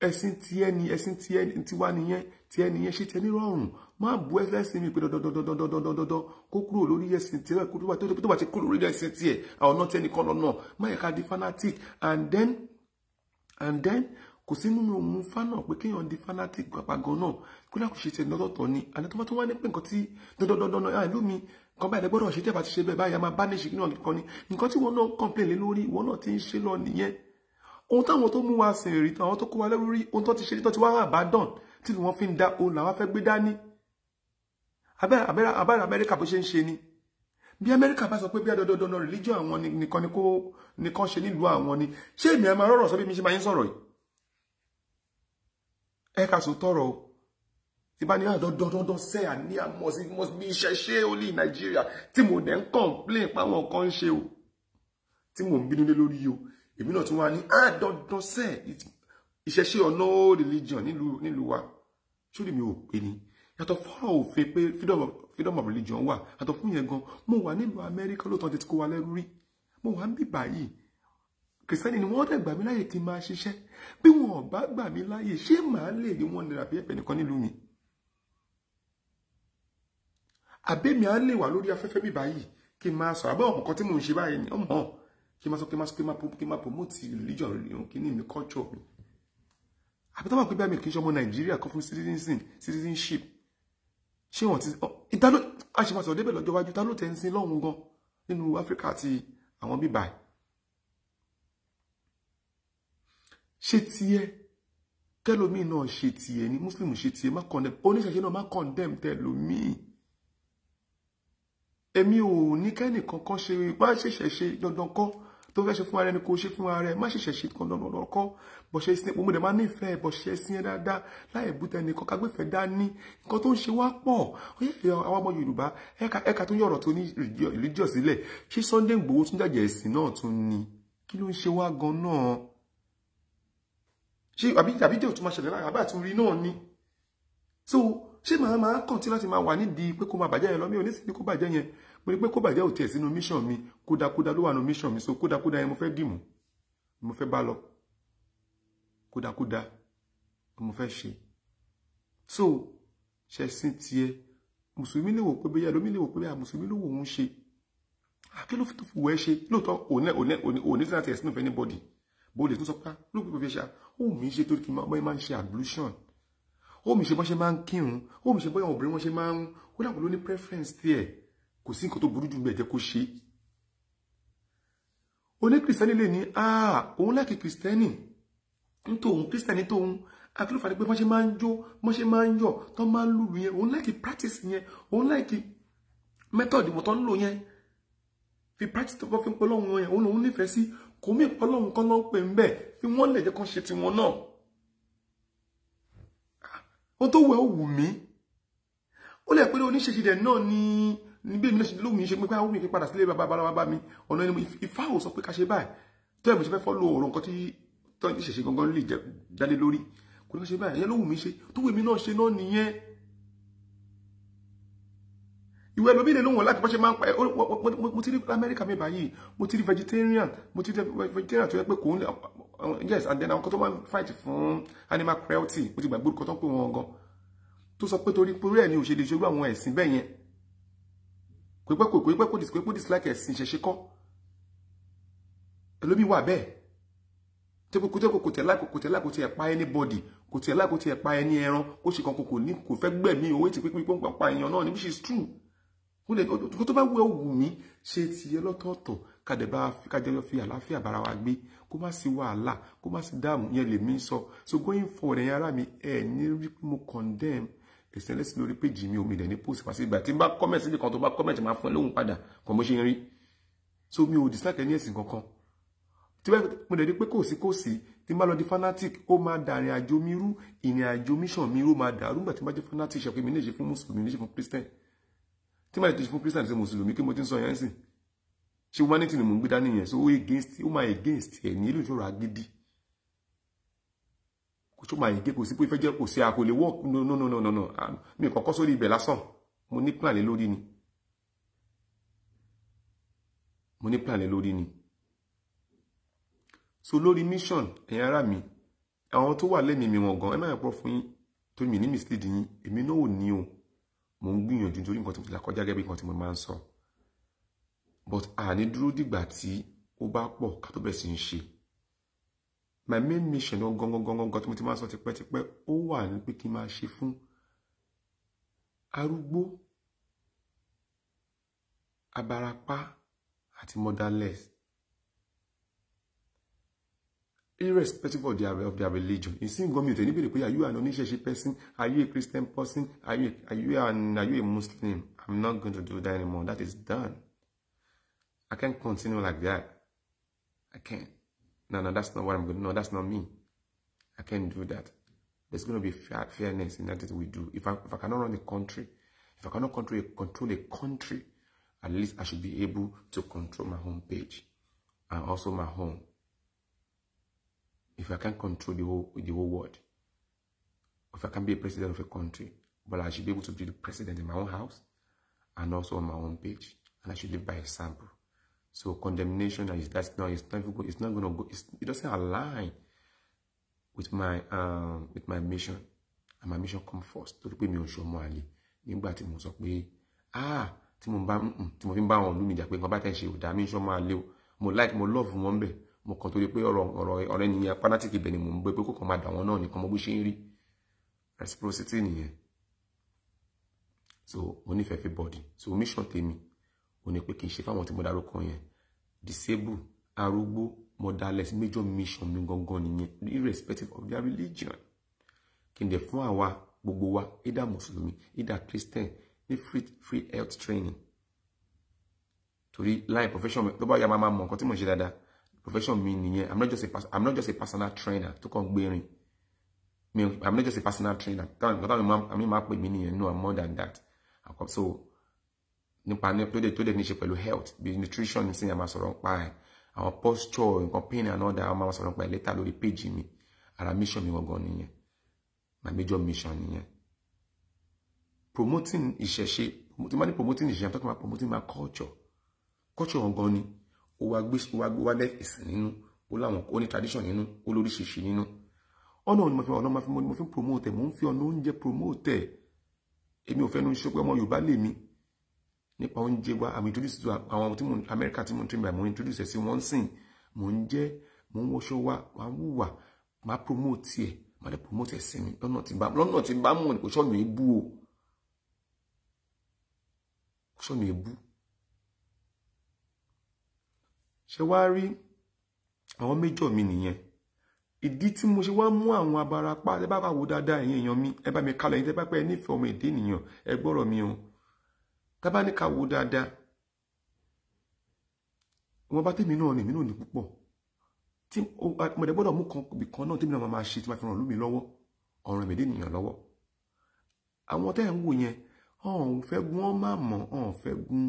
ẹ̀sìn tiẹ̀ ni ẹ̀sìn tiẹ̀ tiwa nìyẹn tiẹ̀ nìyẹn ṣe tiẹ̀ nírọ̀rùn má bu ẹlẹ́sìn mi pé dandandandandandandandan kó kúrò lórí ẹ̀sìn tiẹ̀ kó tó bá ti kúrò lórí ẹ̀sìn tiẹ̀ àwọn náà tiẹ̀ nìkan lọ́nà má yẹ ká di fanatic and then and then kò sí nínú òun fánà pé kéèyàn di fanatic pàpà gan náà kó lákò ṣe tiẹ̀ lọ́tọ̀ọ̀tọ̀ ni àná tó bá tó wá ní pé nǹkan tí dandandandan náà ah, ìlú mi nǹkan báyìí lẹ́gbọ́dọ̀ ṣe tẹ̀ ti ṣe bẹ́ẹ̀ báyìí a máa bá ní ṣe kíni ọ̀kan ni nǹkan tí wọn náà complain lé lórí wọn náà ti ń ṣe lọ nìyẹn ohun táwọn tó mú wa sìn rí táwọn tó kó wa lẹ́rú rí ohun tó ti ṣe tó ti wá àbádàn tí wọ́n fi ń da ohun làwọn fẹ́ gbé dání abẹ́rẹ́ Amẹ́ríkà bó ṣe ń ṣe ni bí amẹ́ríkà bá sọ pé bí adọ́dọ́dọ́nà religion àwọn nìkan ni kó nìkan ṣe nílùú àwọn ni ṣé èmi àmà rọ̀rọ̀ sọ bí mi ṣe máa ń sọ̀rọ̀ yìí ẹ kà sọ tọrọ o tí bá ní àní àmọ́ sí bí iṣẹ́ ṣé ó ní nàìjíríà tí mo dẹ̀ ń complain pa àwọn kan ń ṣe o tí mo ń bínú lé lórí o èmi náà tún wá ní àdọ́dọ́ ah, sẹ́ iṣẹ́ ọ̀nà religion nílùú wa ṣó lè mi ò pé ni yàtọ̀ fọ́rọ̀ òfin pé freedom of religion wà yàtọ̀ fún yẹn gan mo wà nílùú amẹ́ríkà lóòótọ́ ti kó wa lẹ́rú rí mo wà ń bì báyìí kìrìsìtẹ́nì ni wọ́n dẹ̀ gbà mí láyè kí n máa ṣiṣẹ́ bí wọn ò bá gbà mí láyè ṣé màá lè ní wọn naira fi ẹ̀fẹ̀ nìkan nílùú mi àbẹ́mi á lè wà lórí afẹ́fẹ́ mi báyìí kí n máa sọ àbẹ́ ọmọ kan tí mò ń ṣe báyìí ni ọmọ kí n máa sọ kí n máa sọ kí n máa promote religion religion kí ní mi culture mi àbí tó bá pẹ́ bí àmì kì í ṣe ọmọ nàìjíríà kọ́ fún citizenship ṣé wọn ti oh, ìtàló àṣemọ̀sọ̀ débẹ̀ lọ́jọ́ iwájú ta ló tẹ̀ ń sin lọ́hùn gan nínú áfíríkà àti àwọn bíbà ṣé tiẹ̀ tẹlòmíì náà ṣe tiẹ̀ ní mùsùlùmí ṣe tiẹ̀ má condemn oníṣẹ̀ṣe náà má condemn tẹlòmíì èmi ò ní kẹ́nìkan kan ṣe má ṣẹ̀ṣẹ̀ ṣe dandan kọ́ tó fẹ́ ṣe fún ara ẹni kò ṣe fún ara ẹ má ṣẹ̀ṣẹ̀ ṣe dandan kọ́ bó ṣe sin mo dẹ̀ máa nífẹ̀ẹ́ bó ṣe sin ẹ dáadáa láì bútẹ nìkan kágbéfẹ́ dání nǹkan tó ń ṣe wá pọ̀ àwọn ọmọ yorùbá ẹ̀ka ẹ̀ka tó ń yọ̀rọ̀ tó ní religion sílẹ̀ ṣé Sunday Igboho tún jàjẹ̀ ẹ̀sìn náà tún ni kí ló ń ṣe wá gan náà ṣé àbí àbí jẹ́ òtún máa ṣẹlẹ̀ láàrin àbá àtúnrí náà ni so ṣé màá máa kàn tí láti máa wà nídìí pé kó máa bàjẹ́ yẹn lọ mí ò ní sí pé kó bàjẹ́ yẹn mo ní pé kó bàjẹ́ òtí ẹ̀ sínú mission mi kódakóda ló wà nínú mission mi so kódakóda yẹn mo fẹ́ dìmú mo fẹ́ bá lọ kódàkódà mo fẹ́ ṣe so ṣẹ̀sìn tiẹ̀ mùsùlùmí lè wò pé bẹ́ẹ̀ lómi lè wò pé bẹ́ẹ̀ mùsùlùmí ló wò ń ṣe kí ló fi wẹ́ ṣe lóòótọ́ òní sí láti ẹ̀sìn of anybody bó lè tún sọ pé lóòpù tó fi ṣe ó mi ṣe torí kí n máa ń ṣe ablution ó mi ṣe bọ́ ṣe máa ń kírun ó mi ṣe bọ́ àwọn obìnrin wọn ṣe máa ń ó dàpọ̀ ló ní preference tiẹ̀ kò sí nǹkan tó burú jù bẹ́ẹ̀ jẹ́ kó ṣe oní kìrìsìtẹ́nì lè ní ah òun láìkí kìrìsìtẹ́nì ń tòun kírísítẹ̀nì tòun akílùfà ni pé wọ́n ṣe máa ń jó wọ́n máa ń yọ̀ tó máa ń lùlù yẹn òun láìkí practice yẹn òun láìkí method wọn tó ń lò yẹn fi practice tó fi ń pọ́ lọ́hùn yẹn òun lòun nífẹ̀ẹ́ sí kò mí pọ́ lọ́hùn kan náà pè ń bẹ̀ fi wọ́n lè jẹ́ kán ṣe tiwọn náà ohun tó wẹ̀ ó wù mí ó lè pé oníṣẹ́ṣe dẹ̀ náà ni níbi èmi náà ṣe lóhùn mi ṣe pé báwo mi kí padà sílé bàbá bàbá mi ọ̀nà ẹni sọ pé ká ṣe báyìí tó ẹ̀ mo ṣe fẹ́ fọ́ lo ọ̀rọ̀ nǹkan tí tọ́jú ṣèṣe gangan lè jẹ́ jáde lórí kò ní ṣe báyìí ẹ̀yẹ́ ló wù mí ṣe tó wù mí náà ṣe náà nìyẹn ìwé ẹlòmíì lè lóhùn láti bọ́ ṣe máa ń pa ẹ̀ mo ti rí Amẹ́ríkà mi báyìí mo ti rí vegetarian mo ti rí vegetarian tó yẹ pé kò ń yes and then àwọn kan tó máa ń fight fún animal cruelty mo ti gbàgbé orúkọ tó ń pè wọn gan tó sọ pé torí porí ẹ̀ ni ò ṣe lè ṣerú àwọn ẹ̀sìn bẹ́ẹ̀ yẹn kò pẹ́ kò pẹ́ kò dislike ẹ̀sìn ìṣẹ̀ṣe kọ́ ẹlòmíì wà bẹ́ẹ̀ tẹ́kùkù tẹ́kùkù tẹ́lá kò tẹ́lá kò tiẹ̀ pa anybody kò tẹ́lá kò tiẹ̀ pa ẹni ẹran kó ṣe kan kò ní kò fẹ́ gbẹ̀mí owó ti pínpín pọ́npá pa èèyàn náà ni which is true kó lè kó tó bá wù ẹ́ wù mí ṣe tiẹ̀ lọ́tọ̀ọ̀tọ̀ kàdé bá kàdé fi àlàáfíà bára wa gbé kó má sí wàhálà kó má sí dààmú yẹn lè mí sọ so going forward ẹ̀yin ara mi ẹ̀ ní rí pé mo condemn ẹ̀sìn ẹlẹ́sìn lórí péjì mi omi ilẹ̀ ní post pàṣẹ ìgbà tí n bá comment síbi kan tó bá comment máa fún ẹ lóhùn padà kàn bó ṣe ń rí so mi ò dislike ẹni ẹ̀sìn kankan tí mo dẹ̀ rí pé kò sí kò sí tí n lọ di fanatic ó máa da ìrìn àjò mi rú ìrìn àjò mission mi rú máa dàrú nígbà tí n bá jẹ́ fanatic ṣe pé mi ní ìṣe fún mùsùlùmí ní ìṣe fún christian tí mo ti fún christian ṣe mùsùlùmí kí mo ti ń sọ yẹn sìn ṣe humanity ni mò ń gbé dání yẹn so ó against ó máa against ẹ̀ ní ìlú ìṣòro agídí kò tó máa yege kò sí pé ìfẹ́ jẹ́ kò sí àkò lè work no no no no no no mi kọ́kọ́ sórí ibẹ̀ lásán mo ní plan lé lórí ni mo ní plan lé lórí ni so lórí mission ẹ̀yin ará mi àwọn tó wà lẹ́mìí mi wọ̀n gan ẹ máa pọ̀ fún yín torí mi ní mislead yín èmi náà ò ní o mò ń gbìyànjú torí nǹkan tí mo ti là kọjá gẹ́gẹ́ bí nǹkan tí mo máa ń sọ but àní dúró dìgbà tí ó bá pọ̀ ká tó bẹ̀ sí ń ṣe my main mission gangan gangan gangan tí mo ti máa ń sọ tipẹ́tipẹ́ ó wà ní pé kí n máa ṣe fún arúgbó abarapá àti motherless irrespective of their, of their religion. You see, government, anybody are you an unisheshi person? Are you a Christian person? Are you, are you, an, are you a Muslim? I'm not going to do that anymore. That is done. I can't continue like that. I can't. No, no, that's not what I'm going to, no, that's not me. I can't do that. There's going to be fair, fairness in that we do. If I, if I cannot run the country, if I cannot control, control a country, at least I should be able to control my home page and also my home. if I can't control the whole the whole world, if I can't be a president of a country, but I should be able to be the president in my own house and also on my own page, and I should live by example. So condemnation is that's not it's not it's not gonna go it's, it doesn't align with my um with my mission and my mission come first torí pé mi ò ṣọmọ àlè nígbà tí mo sọ pé ah tí mo bá tí mo fi ń bá àwọn mi jà pé nǹkan bá tẹ̀ ṣe ò dá mi ṣọmọ àlè o mo like mo love wọn bẹ́ẹ̀ mo kàn torí pé ọ̀rọ̀ ọ̀rọ̀ ọ̀rẹ́ nìyẹn fanatic ibẹ̀ ni mò ń gbé pé kò kàn máa dà wọ́n náà mo bó ṣe ń rí reciprocity nìyẹn so mo nífẹ̀ẹ́ fi body so mission tèmi ò ní pé kì í ṣe fáwọn tí mo dárúkọ yẹn disable arúgbó motherless major mission mi gangan nìyẹn irrespective of their religion kí n dẹ̀ fún àwa gbogbo wa either mùsùlùmí either christian ní free free health training torí láì profession mi tó bá yà máa mọ nǹkan mo ṣe dáadáa profession mi nìyẹn i'm not just a i'm not just a personal trainer tó kàn gbérin mi i'm not just a personal trainer táwọn táwọn máa mi máa pè mí nìyẹn no i'm more than that àkọ́ so nípa ní tó dé tó dé ní ṣe pẹ̀lú health bí nutrition ní sìn àmà sọ̀rọ̀ nípa ẹ̀ àwọn posture nǹkan pain and all that àwọn máa sọ̀rọ̀ nípa ẹ̀ later lórí page mi ara mission mi gangan nìyẹn my major mission nìyẹn promoting ìṣẹ̀ṣe tí wọ́n ní promoting ìṣẹ̀ṣe i'm talking about promoting my culture culture gangan ni ó wá gbé wá lẹ́ ìsìn nínú ó láwọn ó ní tradition nínú ó lóríṣiríṣi nínú ọ̀nà ni mo fi ọ̀nà mo fi mo fi promote ẹ̀ mo ń fi ọ̀nà promote ẹ̀ èmi ò fẹ́ nu ṣe pé ọmọ Yorùbá lè mi Nipa oúnjẹ wa àmì introduce to àwọn tí mo Amẹ́ríkà tí mo ń by mo introduce ẹ̀ sí wọ́n sìn mo ń jẹ́ mo ń wọṣọ wa máa ń wùwà máa promote ẹ̀ máa lè promote ẹ̀ sí mi lọ́nà tí bá lọ́nà tí bá mọ̀ ní kò sọ́nà èébú o kò sọ́nà èébú ṣe wá rí àwọn méjọ mi nìyẹn ìdí tí mo ṣe wá mú àwọn abarapá ẹ bá bá wo dáadáa ẹ̀yin èèyàn mi ẹ bá mi kalẹ̀ yín tẹ́ bá pẹ́ nífẹ̀ẹ́ ọmọ èdè ènìyàn ẹ gbọ́rọ̀ mi o tá bá ní ká wo dáadáa wọn bá tèmi náà ni èmi náà ní púpọ̀ tí mọ̀dẹ̀ gbọ́dọ̀ mú kan ibìkan náà tèmi náà máa ṣe tí máa fi ràn lómi lọ́wọ́ ọ̀ràn ẹ̀mẹ̀dẹ́ ènìyàn lọ́wọ́ àwọn tẹ́ ń wò yẹn ọ̀hún fẹ́ gun ọ́n má mọ̀ ọ̀hún fẹ́ gun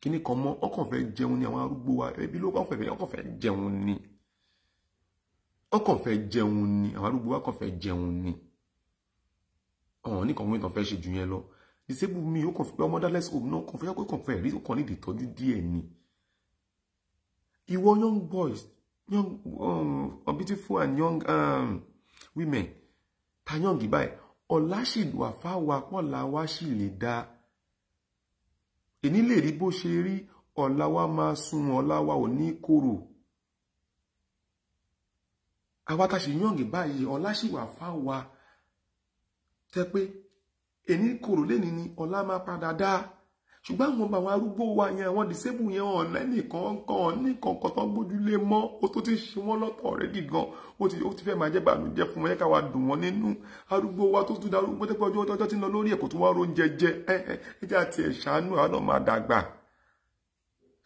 kíní kan mọ́ ọkàn fẹ́ jẹun ni àwọn arúgbó wa ẹbí ló kàn fẹ́ ọkàn fẹ́ jẹun ni ọkàn fẹ́ jẹun ni àwọn arúgbó wa kàn fẹ́ jẹun ni ọ̀hún ní kan wíńtàn fẹ́ ṣe jù yẹn lọ disebu mi ó kàn fẹ́ ọmọ dálẹ́sì òun náà kàn fẹ́ pé kàn fẹ́ rí ó ní ìdìtọ́jú díẹ̀ ni ìwọ young boys young um, beautiful and young um, women ta young báyìí ọ̀la ṣì wà fáwọn apọ́nla wa ṣì lè dáa èní lè rí bó ṣe rí ọ̀la wa máa sun ọ̀la wa ò ní korò àwa tá ṣe yànjú báyìí ọ̀la ṣì wà fáwa tẹ pé èní korò lẹ́ni ni ọ̀la máa padà dáa ṣùgbọ́n àwọn ọmọ àwọn arúgbó wa yẹn àwọn disable yẹn ọ̀nà nìkan kan nìkan kan tó ń gbójúlé mọ́ ó tó ti ṣe wọ́n lọ́tọ̀ already gan ó ti fẹ́ máa jẹ́ bànújẹ́ fún wọn yẹ ká wa dùn wọ́n nínú arúgbó wa tó tún darúgbó tó pé ọjọ́ ọjọ́ tí ń lọ lórí ẹ̀kọ́ tó wá róúnjẹ jẹ ẹ ẹ ẹ jẹ́ àti ẹ̀ ṣàánú àwọn máa dàgbà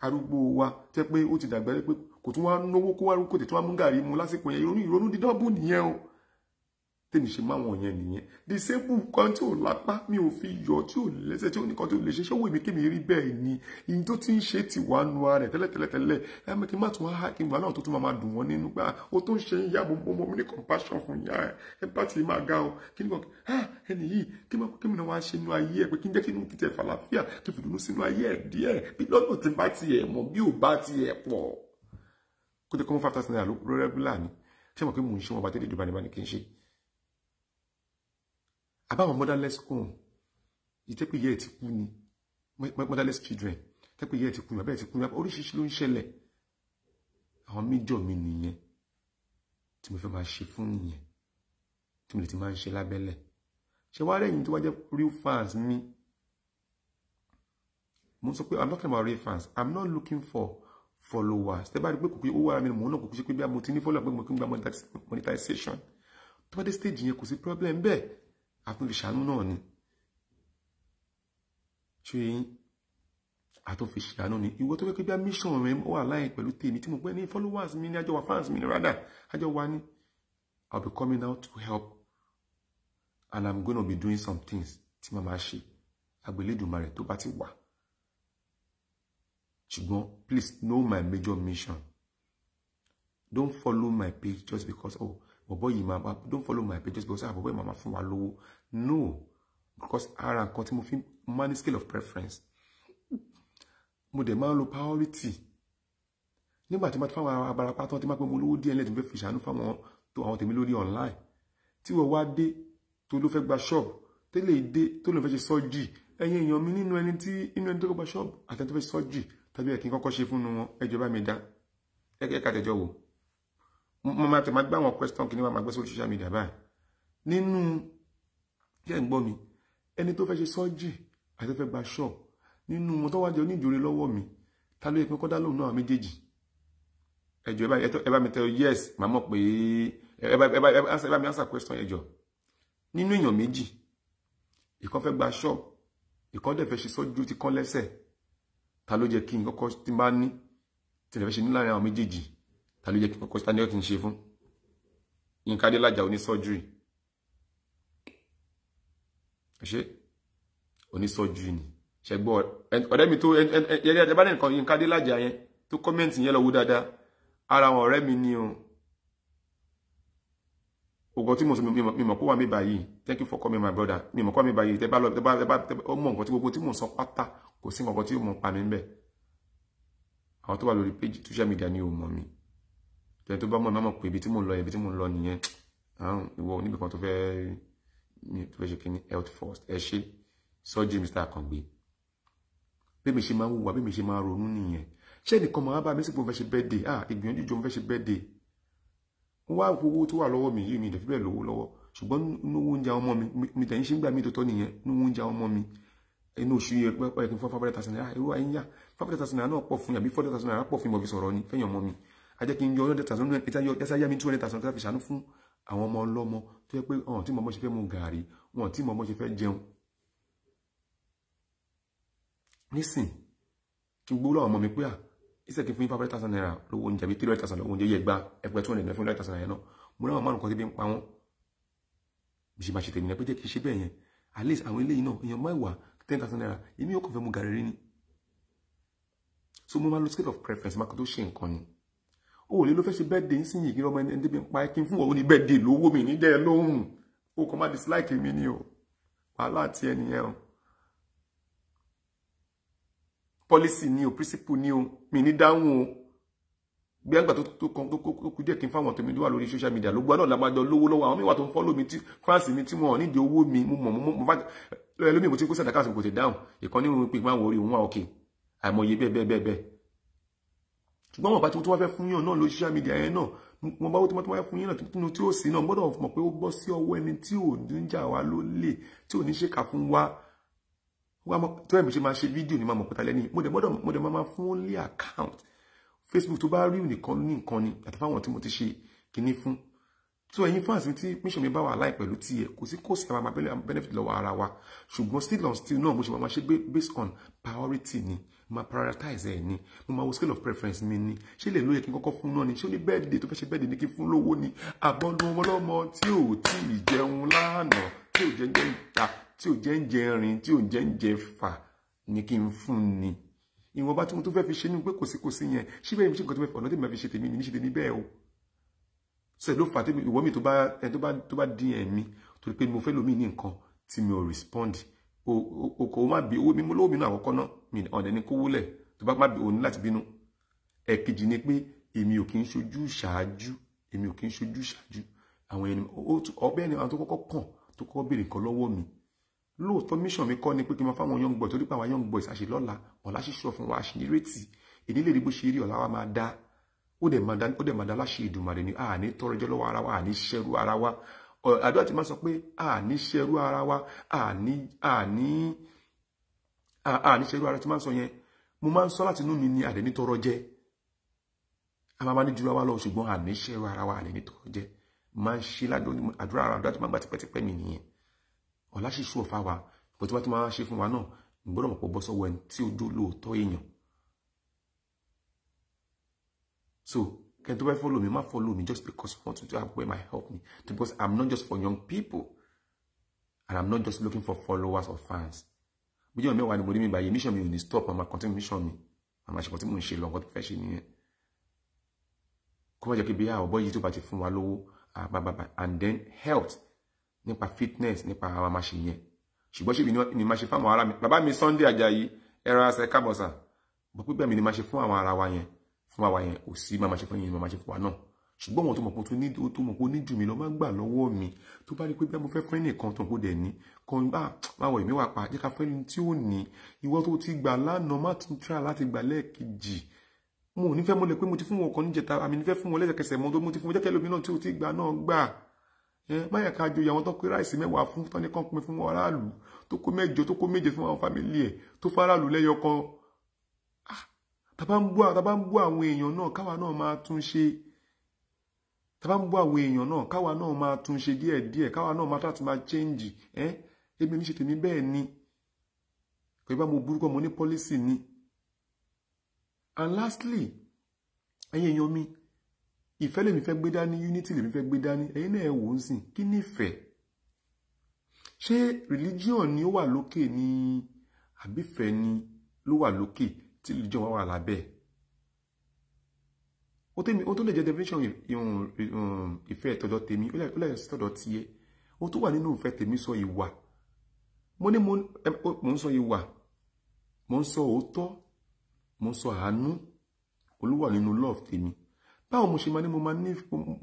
arúgbó wa tẹ́ pé ó ti dàgbà pé kò tún wá náwó kó wá rúkòtè tó wá mú gàrí mu lásìkò yẹn ìrònú ìrònú dídọ́bù nìyẹn o tèmi ṣe máa wọn yẹn nìyẹn the simple kan tí ò lápá mi ò fi yọ tí ò lẹ́sẹ̀ tí ò nìkan tí ò lè ṣe ṣọwọ èmi kémi rí bẹ́ẹ̀ ni ìyìn tó ti ń ṣe ti wà nu ara rẹ̀ tẹ́lẹ̀tẹ́lẹ̀tẹ́lẹ̀ ẹ mẹ kí n má tún wá kí n gbà náà tó tún máa dùn wọn nínú gbà ó ah, tó ń ṣe ń yá mo mo ní compassion fún yá ẹ ẹ bá ti máa ga o kí ni kò ha ah, ẹni yìí kí n kí mi náà wá ṣe inú ayé ẹ pé kí n jẹ́ kí inú títẹ̀ fàlàfíà kí fìdùnnú sínú ṣé mo pé mò ń ṣe wọn bá tẹ́lẹ̀ ìjọba ni bá ní kí n ṣe about my motherless home yìí tẹ́ pé ìyá ẹ̀ ti kú motherless children tẹ́ pé ìyá ẹ̀ ti kú ni bàbá ẹ̀ ti kú ni oríṣiríṣi ló ń ṣẹlẹ̀ àwọn méjọ mi nìyẹn tí mo fẹ́ máa ṣe fún nìyẹn tí mo lè ti máa ń ṣe lábẹ́lẹ̀ ṣe wá rẹ̀yìn tó wá jẹ́ real fans mi mo sọ pé i'm not talking about real fans i'm not looking for followers tẹ́ bá rí pé kò pé owó ara mi ni mò ń náà kò kú sí pé bí mo ti ní follower pé mo kí n gba monetization tó bá dé stage yẹn kò sí problem bẹ́ẹ̀ àtúnfi ṣàánú náà ni ṣé yín àtúnfi ṣàánú ni ìwọ tó fẹ́ pé bí mission rẹ wà láì pẹ̀lú tèmi tí mo pẹ́ ní followers mi ní àjọ wa fans mi ní rádà àjọ wa ni I'll be coming out to help and I'm gonna be doing some things tí màmá ṣe àgbélédùmarè tó bá ti wà ṣùgbọ́n please know my major mission don't follow my page just because oh bọ̀bọ̀ yìí máa don't follow my page just because ah bọ̀bọ̀ yìí máa fún wa lówó no because ara nǹkan tí mo fi máa ní scale of preference mo dẹ̀ máa ń lo priority nígbà tí mo ti fáwọn abarapá tán tí máa pẹ́ mo lówó díẹ̀ lẹ́tí mo fẹ́ fi ṣàánú fáwọn tó àwọn tèmi lórí online tí wọ́n wá dé tó ló fẹ́ gba ṣọ́ọ̀bù tẹ́lẹ̀ dé tó ló fẹ́ ṣe sọ́ọ̀jì ẹ̀yin èèyàn mi nínú ẹni tí inú ẹni tó gba ṣọ́ọ̀bù àtẹ̀tọ́ fẹ́ sọ́ọ̀jì tàbí ẹ̀kí kọ́kọ́ ṣe fún wọn ẹjọ́ bá mi dá ẹ̀kẹ́ kàtẹ́jọ́ wò mo máa tẹ̀ máa gbá àwọn question kí ni wọ́n máa gbé sórí social media báyìí nínú kí ẹ̀ ń gbọ́ mi ẹni tó fẹ́ ṣe surgery àti tó fẹ́ gba shop nínú mo tó wá jẹ oníjòrè lọ́wọ́ mi ta ló yẹ pé kọ́dá lòun náà méjèèjì ẹjọ ẹ bá mi tẹ yes màá mọ̀ pé ẹ bá mi answer question ẹjọ nínú èèyàn méjì ìkan fẹ́ gba shop ìkan dẹ̀ fẹ́ ṣe surgery ti kán lẹ́sẹ̀ ta ló jẹ kí n kọ́kọ́ ti bá ní tí lè fẹ́ ṣe níláàrin àwọn méjèèjì ta ló jẹ́ kí kọ́kọ́ ta ni ó kí n ṣe fún Yínká Adélájà onísọ́júrì ṣe onísọ́júrì ni ṣẹgbọ́ ọ̀rẹ́ mi tó yẹ́rẹ́ ẹ̀dẹ́bá ní nǹkan Yínká Adélájà yẹn tó kọ́mẹ́ǹtì yẹn lọ wò dáadáa ara àwọn ọ̀rẹ́ mi ni o ogun tí mo sọ mímọ̀ kó wà mí báyìí thank you for coming my brother mímọ̀ kó wà mí báyìí tẹ bá lọ tẹ bá tẹ bá tẹ bá ọmọ nǹkan tí gbogbo tí mo sọ pátá kò sí nǹkan tí ó mọ pa mi ń bẹ àwọn tó wà lórí page social media ni ò mọ mi tẹ tó bá mọ̀ náà mọ̀ pé ibi tí mò ń lọ ibi tí mò ń lọ nìyẹn àrùn ìwọ níbi kan tó fẹ́ tó fẹ́ ṣe kíní health first ẹ ṣe sọ́jí Mr. Akàngbé bí mi ṣe máa ń wùwà bí mi ṣe máa ronú nìyẹn ṣé ẹnìkan máa bá mi sí pé mo fẹ́ ṣe birthday ah ìgbìyànjú jọ mo fẹ́ ṣe birthday wá owó tó wà lọ́wọ́ mi yìí mi ìdẹ̀fẹ́ bẹ́ẹ̀ lówó lọ́wọ́ ṣùgbọ́n inú oúnjẹ ọmọ mi mi tẹ̀yìn ṣe ń gbà mí tó tọ́ nìyẹn inú oúnjẹ ọmọ mi inú oṣù yẹn pẹ́ pẹ́ kí n fọ́ five hundred thousand naira irú ayé yá five hundred thousand naira náà pọ̀ fún yàbí four hundred thousand naira pọ̀ fún ìmọ̀ fi sọ̀rọ̀ ni fẹ́yìn ọmọ mi a ajẹ́ kí n yọ hundred thousand nínú ẹ̀ yẹ́sà yá mi two hundred thousand káfí ṣàánú fún àwọn ọmọ ọlọ́mọ tó yẹ pé ọ̀n tí mọ̀mọ́ ṣe fẹ́ mu gàárì wọn tí mọ̀mọ́ ṣe fẹ́ jẹun. nísìn kí n gbowó lọ́wọ́ ọmọ mi pé à ìṣe kí n fún yín five hundred thousand naira lówó oúnjẹ àbí three hundred thousand lówó oúnjẹ yẹ gba ẹgbẹ́ two hundred naira fún hundred thousand naira náà mo náà márùn kan tí bí ń pa wọn bí ṣe máa ṣe tèmi náà pé jẹ́ kí n ṣe bẹ́ẹ̀ yẹn at least àwọn eléyìí náà èèyàn mẹ́wàá ten thousand naira èmi yóò kàn fẹ́ mu gàárì rí ni so mo máa lo scale of preference máa kàn tó ṣe nǹkan ni òòlé ló fẹ́ ṣe bẹ́ẹ̀dẹ̀ ń sìn yìí kí ọmọ ẹni bí ń pa kí n fún òun ní bẹ́ẹ̀dẹ̀ lówó mi ní dẹ́ lóhùn ó kọ́ má dislike mi ni o wàhálà àti ẹnìyẹn o policy ni o principle ni o mi ní dáhùn o bí àgbà tó tó kan tó kú díẹ̀ kí n fáwọn tèmi tó wà lórí social media ló gbọ́dọ̀ làmájọ lówó lọ́wọ́ àwọn míwà tó ń fọ́lọ́ mi tí fáǹsì mi tí wọ́n nídìí owó mi mo mọ̀ mo bá lóyè lómi mo ti kó sẹ̀dá káàsì kò tè dáhùn ìkànnì òun pè máa wọ orí òun wà òkè àìmọye bẹ́ẹ̀ bẹ́ẹ̀ bẹ́ẹ̀ bẹ́ẹ̀ ṣùgbọ́n wọn bá tí wọ́n fẹ́ fún yàn náà lórí social media yẹn náà wọn bá wọ́n tí wọ́n fẹ́ fún yàn náà tí ó sí náà gbọ́dọ̀ mọ̀ pé ó bọ́ sí ọwọ́ ẹni tí ò ń jà wá lólè tí ò ní ṣèkà fún wa tó ẹ̀mí ṣe máa ṣe fídíò ní máa mọ̀ pẹ́ta lẹ́ni mo dẹ̀ gbọ́dọ̀ mo dẹ̀ máa fún only account Facebook tó bá rí nìkan ní nǹkan ni àti fáwọn tí mo ti ṣe kinní fún tó ẹ̀yin fans mi tí mission mi bá wà láì pẹ̀lú tiẹ̀ kò sí kò sí àwọn benefit lọ́wọ́ ara wa ṣùgbọ́n still on still náà mo ṣe máa ṣe based on priority ni máa prioritize ẹ̀ ni mo máa wo scale of preference mi ni ṣé lè lóye kí n kọ́kọ́ fún náà ni ṣé ó ní bẹ́ẹ̀dì tó fẹ́ ṣe bẹ́ẹ̀dì ni kí n fún lówó ni àbọ̀lọ́mọlọ́mọ tí ò tí ì jẹun lánàá tí ò jẹ́ǹjẹ́ ìta tí ò jẹ́ǹjẹ́ rìn tí ò jẹ́ǹjẹ́ fà ni kí n fún ni ìwọ̀nba tí mo tún fẹ́ fi ṣe ni pé kòsíkòsí yẹn síbẹ̀ ìmísí nǹkan tó fẹ́ fọ̀ ọ̀nà tí mo fi ṣe tèmi ni mi ṣe tèmi bẹ́ẹ̀ o ṣe ló fà tèmi ìwọ mi tó bá tó bá dín ẹ̀mí torí pé mo fẹ́ lómi ní nǹkan tí mi ò respond òkò má bí owó mi mo lówó mi náà àkọ́kọ́ náà mi ọ̀dẹ̀ ní kówó lẹ̀ tó bá má òní láti bínú ẹ̀kejì ni pé èmi ò kì í ṣojú ṣáájú èmi ò kì í ṣojú ṣáájú àwọn ẹni ọbẹ̀ ẹni àwọn tó kọ́kọ́ kàn tó kọ́kọ́ béèrè nǹkan lọ́wọ́ mi lóòótọ́ mission mi kọ́ ni pé kí n máa fáwọn young boys torí pé àwọn young boys àṣelọ́la ọ̀la ṣíṣọ́ fún wa àṣeyírètí èdè lè rí bó ṣe rí ọ̀la wa máa dá ó dẹ̀ máa dá láṣẹ ìdùnmọ̀rẹ̀ ni àní tọrọ ẹjọ́ lọ́wọ́ ara wa àní ṣẹ́rú ara wa àdúrà ti máa sọ pé àní ṣẹ́rú ara wa àní àní àà ah, ah, níṣẹ́ irú ara tí máa ń sọ yẹn mo máa ń sọ láti inú mi ní àdẹ̀ní tọrọ jẹ́ a máa bá ní jùlọ wá lọ ṣùgbọ́n àníṣẹ́ irú ara wa àdẹ̀ní tọrọ jẹ́ máa ń ṣe àdúrà ara àdúrà tí máa gbà tipẹ́tipẹ́ mi nìyẹn ọ̀la ṣìṣú ọ̀fà wa bó ti wá ti máa ṣe fún wa náà gbọ́dọ̀ mọ̀ pé bọ́ sọ́wọ́ ẹni tí ojú lóòótọ́ èèyàn so kẹ́ni tó bá follow me má follow me just because you want to do abẹ́ my help me because I'm not just for young people and I'm not just looking for followers or fans bílíọ̀nù mẹ́wàá ni mo rí mi báyìí mission mi ò ní stop àmà continue mission mi àmà ṣe continue ń ṣe lọ nǹkan tó fẹ́ ṣe nìyẹn kó má jẹ́ pé bí a ah, ọ̀bọ yìí tó bá ti fún wa lówó àbábàbà ah, and then health nípa fitness nípa àwọn àmàṣe yẹn ṣùgbọ́n ṣèbí ni máa ṣe fún àwọn ará mi bàbá mi Sunday Ajayi ẹran ẹsẹ̀ kábọ̀sà bọ́ pípẹ́ mi ni máa ṣe fún àwọn ará wa yẹn fún wa yẹn kò sí máa máa ṣe fún yín máa máa ṣe fún wa náà ṣùgbọ́n wọn tó mọ̀ pé tó ní tó mọ̀ pé ó ní jù mí lọ máa ń gbà lọ́wọ́ mi tó bá rí pé bí mo fẹ́ fẹ́ nìkan tó ń kó dẹ̀ ní kan bá máa wọ̀ ìmí wà pa jẹ́ ká fẹ́ ní tí ó ní ìwọ tó ti gbà lánàá má tún tíra láti gbà lẹ́ẹ̀kejì mo ò ní fẹ́ mọ́lẹ̀ pé mo ti fún wọn kan níjẹta àmì ní fẹ́ fún wọn lẹ́sẹ̀kẹsẹ̀ mọ́ tó mo ti fún wọn jẹ́kẹ́ lómi náà tí ó ti gbà náà gbà máyà ká joyè àwọn tó pé ráìsì mẹ́wàá fún tán ní kan pin fún wọn aráàlú tó kó mẹ́jọ tó kó méje fún àwọn fámìlì ẹ̀ tó fáráàlú lẹ́yọ kan ah! tàbá ń bú àwọn èèyàn náà káwa náà máa tún ṣe tábà ń gbọ́ àwọn èèyàn náà káwa náà máa tún ṣe díẹ̀ díẹ̀ káwa náà máa tàtún máa chẹ́ǹjì ẹ́ èmi oníṣe tèmi bẹ́ẹ̀ ni kò bá mo burúkọ mo ní pọ́lísì ni and lastly ẹ̀yin èèyàn mi ìfẹ́ lèmi fẹ́ gbé dání unity lèmi fẹ́ gbé dání ẹ̀yin náà ẹ̀ wò ó sìn kí nífẹ̀ẹ́ ṣé religion ni ó wà lókè ni àbífẹ́ ni ló wà lókè tí religion wà wà lábẹ́ ó tẹ́mi ó tó lè jẹ́ definition ìfẹ́ tọ̀dọ̀ tèmi ó lè sí tọ̀dọ̀ tiẹ̀ ó tó wà nínú ìfẹ́ tèmi sọ ìwà mo ní mo ń sọ ìwà mo ń sọ òótọ́ mo ń sọ àánú olúwa nínú love tèmi báwo mo ṣe máa ní mo máa ní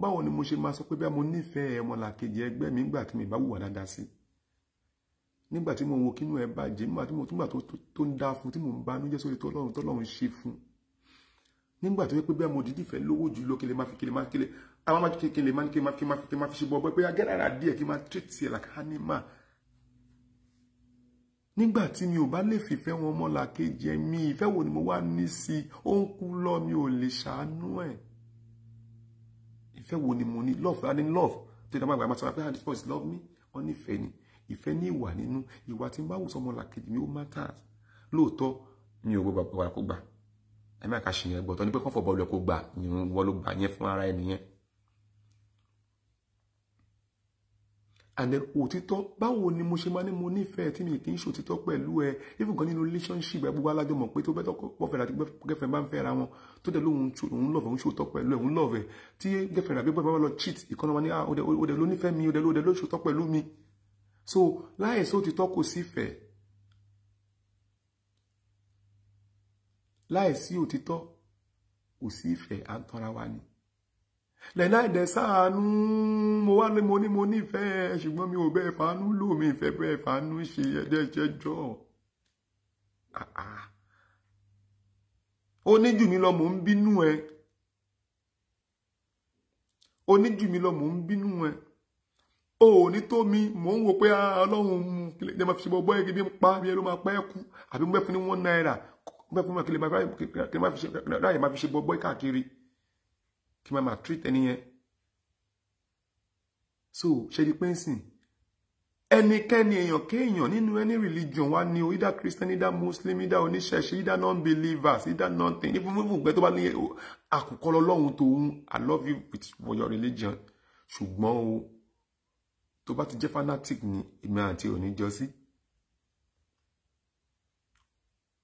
báwo ni mo ṣe máa sọ pé bí a mo nífẹ̀ẹ́ ọmọlàkejì ẹgbẹ́ mi nígbà tí mi bá wùwà dáadáa sí nígbà tí mo wo kínú ẹ bàjẹ́ nígbà tí mo túgbà tó ń dá fún tí mo ń banújẹ́ sórí tọ́lọ́run tọ́lọ́run ṣe fún un nígbà tó yẹ pé bẹ́ẹ̀ mo dìdí fẹ́ lówó jù lọ kí lè máa fi kí lè máa kí lè àwọn máa kí lè máa kí máa kí máa kí máa fi ṣe bọ́ bọ́ pé agẹ́rẹ́ra díẹ̀ kí máa treat ẹ̀ like animal. nígbà tí mi ò bá lè fìfẹ́ wọn mọ́ la kejì mi ìfẹ́ wo ni mo wá ní sí i ó ń kú lọ mi ò lè ṣàánú ẹ̀. ìfẹ́ wo ni mo ní love i mean love tó dáa máa gbà máa sọ pé ah, this person love me wọ́n nífẹ̀ẹ́ ni ìfẹ́ ní ìwà nínú ìwà tí ń bá wù sọmọ làkejì mi ó matters lóòótọ́ mi ò gbọ́ bàbá wa ẹ má kà ṣe yẹn gbọ́tọ́ ní pé kọ́ńfọ̀ bọ́ọ̀lù ẹ̀ kó gbà ìrùn wọ́n ló gbà yẹn fún ara ẹni yẹn. and then òtítọ́ báwo ni mo ṣe máa ní mo nífẹ̀ẹ́ tí mi kì í ṣòtítọ́ pẹ̀lú ẹ even gan nínú relationship ẹ gbogbo alájọ mọ̀ pé tó bẹ́tọ̀ pọ̀fẹ́ àti gẹ́fẹ̀ẹ́ bá ń fẹ́ra wọn tó dẹ̀ lóhun òun lọ́fẹ̀ẹ́ òun ṣòtọ́ pẹ̀lú ẹ òun lọ́fẹ̀ẹ́ tí gẹ́fẹ̀ẹ́ àbí gbọ́dọ̀ bá lọ cheat ìkànnì wọn ni ó dẹ̀ ló nífẹ̀ẹ́ mi ó dẹ̀ ló ṣòtọ́ pẹ̀lú mi so láìsí òtítọ́ kò sí fẹ̀ẹ́ láìsí òtítọ́ kò sí ìfẹ́ à ń tanra wa ni lẹ́nà ìdẹ sáànú mo wá ní mo ní mo nífẹ̀ẹ́ ṣùgbọ́n mi ò bẹ́ẹ̀ fàánú lò mí ìfẹ́ bẹ́ẹ̀ fàánú ṣe ẹ̀jẹ̀ jẹ́jọ́ oníjù mi lọ mò ń bínú ẹ oníjù mi lọ mò ń bínú ẹ o ò ní tó mi mò ń wo pé ah, ọlọ́run mu kí lè máa fi ṣe bọ́ bọ́ ẹ kí bí ń pa bí ẹ ló máa pẹ́ kú àbí mo bẹ́ẹ̀ fún ní one naira ó fẹ́ fún mi kí lè má fi ṣe ráyè má fi ṣe bọ́bọ́ káàkiri kí má máa treat ẹni yẹn so ṣe di pé ń sìn ẹnikẹ́ni èèyàn kéèyàn nínú any religion wa ni o either christian either muslim either oníṣẹ̀ṣe either non-believers either nothing ní fúnfún ìgbẹ́ tó bá ní àkùkọ lọ́lọ́run tòun i love you with your religion ṣùgbọ́n o tó bá ti jẹ́ fanatic ni èmi àti òní jọ sí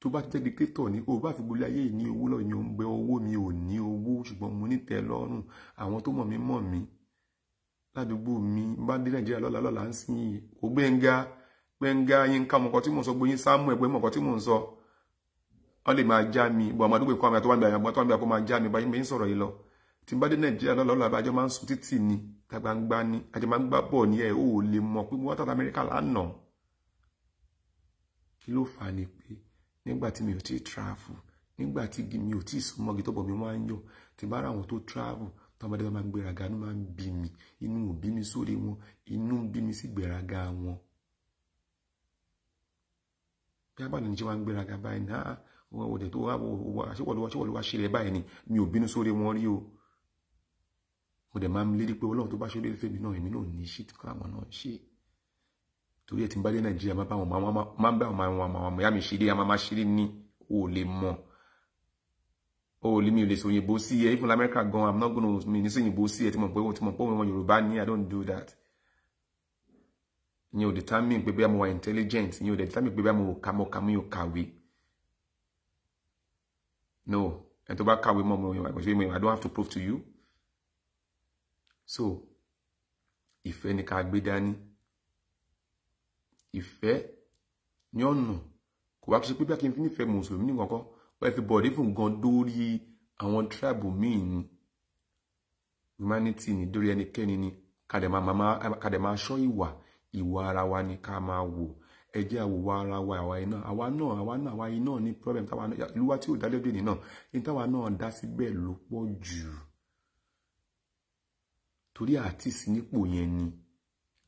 tó bá jẹ́ dictator ní o bá fi gbolé ayé ní owó lọ́ọ̀ ní oúnjẹ owó mi ò ní owó ṣùgbọ́n mo ní tẹ́ lọ́rùn àwọn tó mọ̀ mí mọ̀ mí ládùúgbò mi bá dé nàìjíríà lọ́la lọ́la ń sìn yìí kò gbẹ̀ngà gbẹ̀ngà yín ká mọ̀kọ́ tí mò ń sọ gbóyin sáàmù ẹ̀gbẹ́ mọ̀kọ́ tí mò ń sọ wọ́n lè máa já mi bọ̀ ọmọ àdúgbò ìkọ́ àmì àtọ́wọ́n àmì àtọ́wọ́n àmì àkọ́ máa já mi báyìí mi ń sọ̀rọ̀ yìí lọ tí n bá dé nàìjíríà lọ́la lọ́la àjọ máa ń sùn títì ni tàgbàǹgbà ni àjọ máa ń gbá bọ̀ ní ẹ̀ ò lè mọ̀ pé wọ́n tàbí amẹ́ríkà nígbà tí mi ò tí travel nígbà tí mi ò tí súnmọ́gi tọ́bọ̀ mi máa ń yọ̀ tí bá ra àwọn tó travel tọ́mọdé máa ń gbéraga inú máa ń bí mi inú ò bí mi sórí wọn inú ń bí mi sí gbéraga wọn. bí abáàlú ní ṣe wá ń gbéraga báyìí náà wọn ò dẹ̀ tó wá aṣíwọ̀lúwà aṣíwọ̀lúwà ṣẹlẹ̀ báyìí ni mi ò bínú sórí wọn rí o. mo dẹ̀ máa ń lérí pé ọlọ́run tó bá ṣe lórí fẹ́mi náà èmi náà ní ṣí tí káwọn náà ṣe torí ẹ̀ tí n bá dé nàìjíríà má bá wọn má bá wọn àwọn àwọn àwọn ìyá mi ṣeré àwọn máa ṣeré ní o lè mọ o lè mi ò lè sòyìnbó sí ẹ even lamẹ́ríkà gan i'm not gonna mi ní sòyìnbó sí ẹ tí mo pé tí mo pé wọn yorùbá ní i don't do that ìyẹn ò determine pé bẹ́ẹ̀ mo wà intelligent ìyẹn ò determine pé bẹ́ẹ̀ mo kà mo kà mi ò kàwé no ẹni tó bá kàwé mọ́ mo ìwà ìwà i don't have to prove to you so ìfẹ́ ni ká gbé dání ìfẹ́ ní ọ̀nà kò wá kí ṣe pé bí a kì í fi nífẹ̀ẹ́ mùsùlùmí nìkan kọ́ wọ́n fi bọ̀dé fún gan dórí àwọn tíráàbù míì ni humanity ni dórí ẹnikẹ́ni ni kàdẹ̀ máa ṣọ́ ìwà ìwà ara wa ni ká máa wò ẹ jẹ́ àwòwà ara wa àwa iná àwa náà àwa náà àwa iná ní problem táwa náà ìlú wa tí ò dálé òde nìyàn ní táwa náà dá síbẹ̀ ló pọ̀ jù torí àtìsí nípò yẹn ni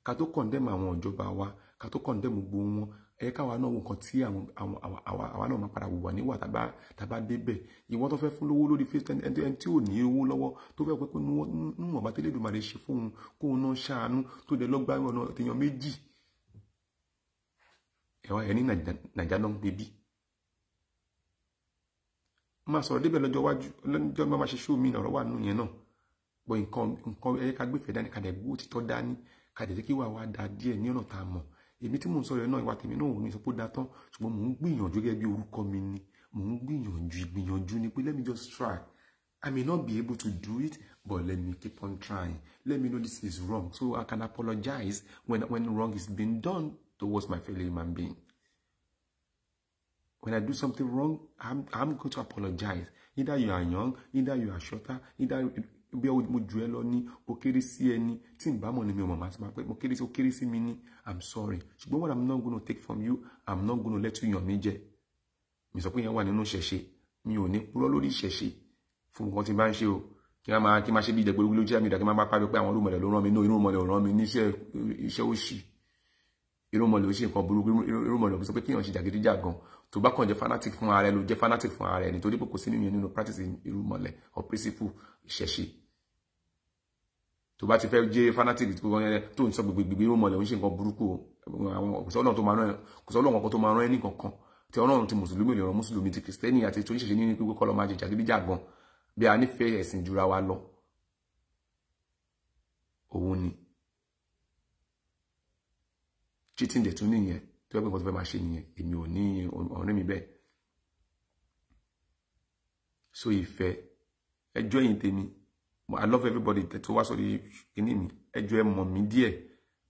ká tó condemn àwọn ìjọba wa ká tó kọ̀ndẹ́mù gbogbo wọn ẹ káwa náà wo nǹkan tí àwa náà máa padà wùwà níwà tàbá débẹ̀ ìwọ́n tó fẹ́ fún lówó lórí facebook ẹni tí ò ní owó lọ́wọ́ tó fẹ́ pé níwọ̀n bá tẹ́lẹ̀ ìdùnmọ̀ rẹ̀ ṣe fóun kóun náà ṣàánú tó dẹ lọ́gbà ọ̀nà èèyàn méjì ẹ̀wà ẹ̀ ní nàìjà náà ń gbé bí. máa sọ̀rọ̀ débẹ̀ lọ́jọ́ iwájú lọ́jọ́ máa ṣe ṣóò mí ọ̀rọ̀ wà nù yẹn náà bọ̀ nǹkan ẹ̀yẹ ká gbé fẹ̀ dání ká gbó òtítọ́ dání ká jẹ́ kí wàá wá da díẹ̀ ní ọ̀nà tá a mọ̀ èmi tí mò ń sọ yẹn náà ìwà tèmi náà ò ní sọ pé ó da tán ṣùgbọ́n mò ń gbìyànjú gẹ́gẹ́ bí orúkọ mi ni mò ń gbìyànjú ìgbìyànjú ni pé let me just try I may not be able to do it, but let me keep on trying. Let me know this is wrong, so I can apologize when when wrong is being done towards my fellow human being. When I do something wrong, I'm I'm going to apologize. Either you are young, either you are shorter, either bí mo jù ẹ lọ ní mo kéré sí ẹ ní tí n bá mọ̀ ní mi ò mọ̀ máa ti máa pẹ́ mo kéré sí o kéré sí mi ní i'm sorry ṣùgbọ́n what i'm not gonna take from you i'm not gonna let you yàn mí jẹ mi sọ pé yẹn wà nínú ṣẹ̀ṣe mi ò ní purọ́ lórí ṣẹ̀ṣe fún nǹkan tí n bá ń ṣe o kí wọ́n máa kí máa ṣe bí ìdẹ̀gbẹ́ olúgbìlú jẹ́ àmì ìdàgbẹ́ máa bá pariwo pé àwọn irúmọ̀lẹ̀ ló rán mi ní irúmọ̀lẹ̀ ò rán mi níṣẹ́ iṣẹ́ òṣì irúmọ̀lẹ̀ òṣì nǹkan burúkú irúmọ̀lẹ̀ òṣì sọ pé kí èèyàn ṣe jàgídíjàgan tó bá kàn jẹ́ fanatic fún ara ẹ ló jẹ́ fanatic fún ara ẹ nítorí pé kò sí nínú practice irúmọ̀lẹ̀ or principle ìṣẹ̀ṣe tó bá ti fẹ́ jẹ́ fanatic tó ń sọ gbogbo irú mọ̀lẹ́ ń ṣe nǹkan burúkú kò sí ọlọ́run kan tó máa rán ẹni kankan tí ọlọ́run ti mùsùlùmí lè ràn mùsùlùmí ti kìrìsìtẹ́nì àti tó ń ṣẹ̀ṣẹ̀ nínú pípẹ́ kọ́ lọ máa jìjà gidi jàgbọ́n bí a nífẹ̀ẹ́ ẹ̀sìn jura wa lọ òun ni cheating de tún nìyẹn tó yẹ pé nǹkan tó fẹ́ máa ṣe nìyẹn èmi ò ní ọ̀rẹ́ mi bẹ́ẹ̀ so ìfẹ́ ẹjọ́ yìí tèmi I love everybody tẹ́ tó wá sórí kíní mi ẹjọ́ ẹ mọ̀ mí díẹ̀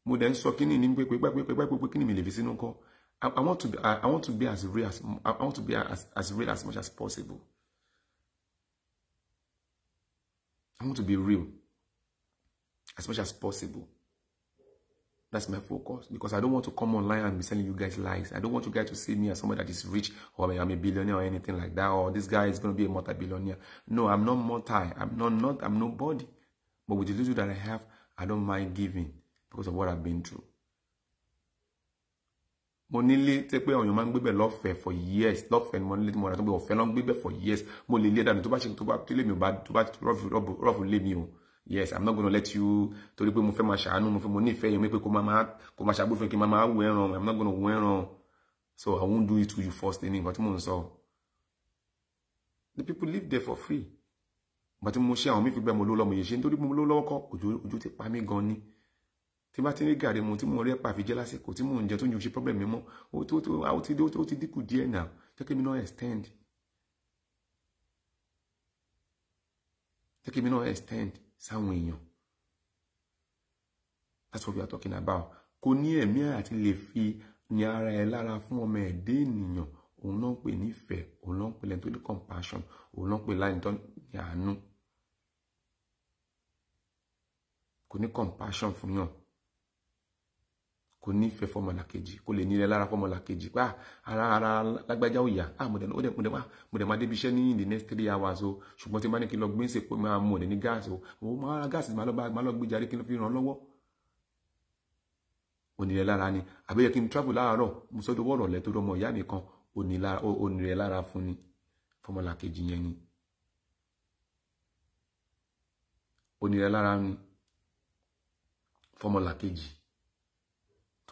mo dẹ̀ ń sọ kíní ní pé pẹ́pẹ́pẹ́pẹ́ kíní mi lè fi sínú kọ́ I want to be I want to be as real as I want to be as as real as much as possible I want to be real as much as possible That's my focus because I don't want to come online and be selling you guys lies. I don't want you guys to see me as somebody that is rich or I'm a billionaire or anything like that or this guy is going to be a multi-billionaire. No, I'm not multi. I'm not, not I'm nobody. But with the little that I have, I don't mind giving because of what I've been through. mo nílé tẹ pé àwọn èèyàn máa be love lọ́fẹ̀ẹ́ for years Love ni money, little more mo rà tó pé ọ̀fẹ́ ló be for years mo lè lé dànù tó bá ṣe tó bá tó lé mi ò bá tó bá rọ́ọ̀fù lé mi yes i'm not gonna let you torí pé mo fẹ́ máa ṣàánú mo fẹ́ mo nífẹ̀ẹ́ yẹn pé kó máa kó máa ṣàgbófin kí n máa wọ ẹran i'm not gonna wọ ẹran so i won't do it to you first ní nǹkan tí mò ń sọ the people live there for free ìgbà tí mo ṣe àwọn mi fi gbẹ mo ló lọ mo yẹ ṣe nítorí mo ló lọ́wọ́ kọ́ òjò òjò ti pa mí gan ni tí bá ti ní gàrí mu tí mo rí ẹ̀pà àfijẹ́ lásìkò tí mò ń jẹ tó ń ju ṣe problem mi mọ́ ó tó tó ó ti ó ti dínkù díẹ̀ náà jẹ́ kí mi náà extend jẹ́ kí mi náà extend sáwọn èèyàn that's what we are talking about kò ní ẹ̀mí àti lè fi ní ara ẹ lára fún ọmọ ẹ̀dẹ́ ènìyàn òun náà pè nífẹ̀ẹ́ òun náà pè lẹ́ni tó ní compassion òun náà ń pè láyìn tó ní àánú kò ní compassion fún yàn kò nífẹ̀ẹ́ fọmọlàkejì kò lè nílẹ̀ lára fọmọlàkejì pé ah, ara ara lágbájá ò yá ah mo dẹ̀ mo dẹ̀ mo dẹ̀ wá ah, mo dẹ̀ máa débi iṣẹ́ ní the next three hours o ṣùgbọ́n tí n bá ní kí n lọ gbéǹsè pé máa mú ọ̀dẹ̀ ní gáàsì o mo máa ra gáàsì máa lọ bá máa lọ gbé jarí kí n fi ràn lọ́wọ́ onílẹ̀ lára ni àbí yẹ kí n travel láàárọ̀ mo sọ́dọ̀ owó ọ̀rọ̀ lẹ́tọ́ ọmọ ìyá mi kan onílẹ̀ lára fún ni fọmọlàkejì yẹn ni onílẹ̀ lára ni fọmọlàkejì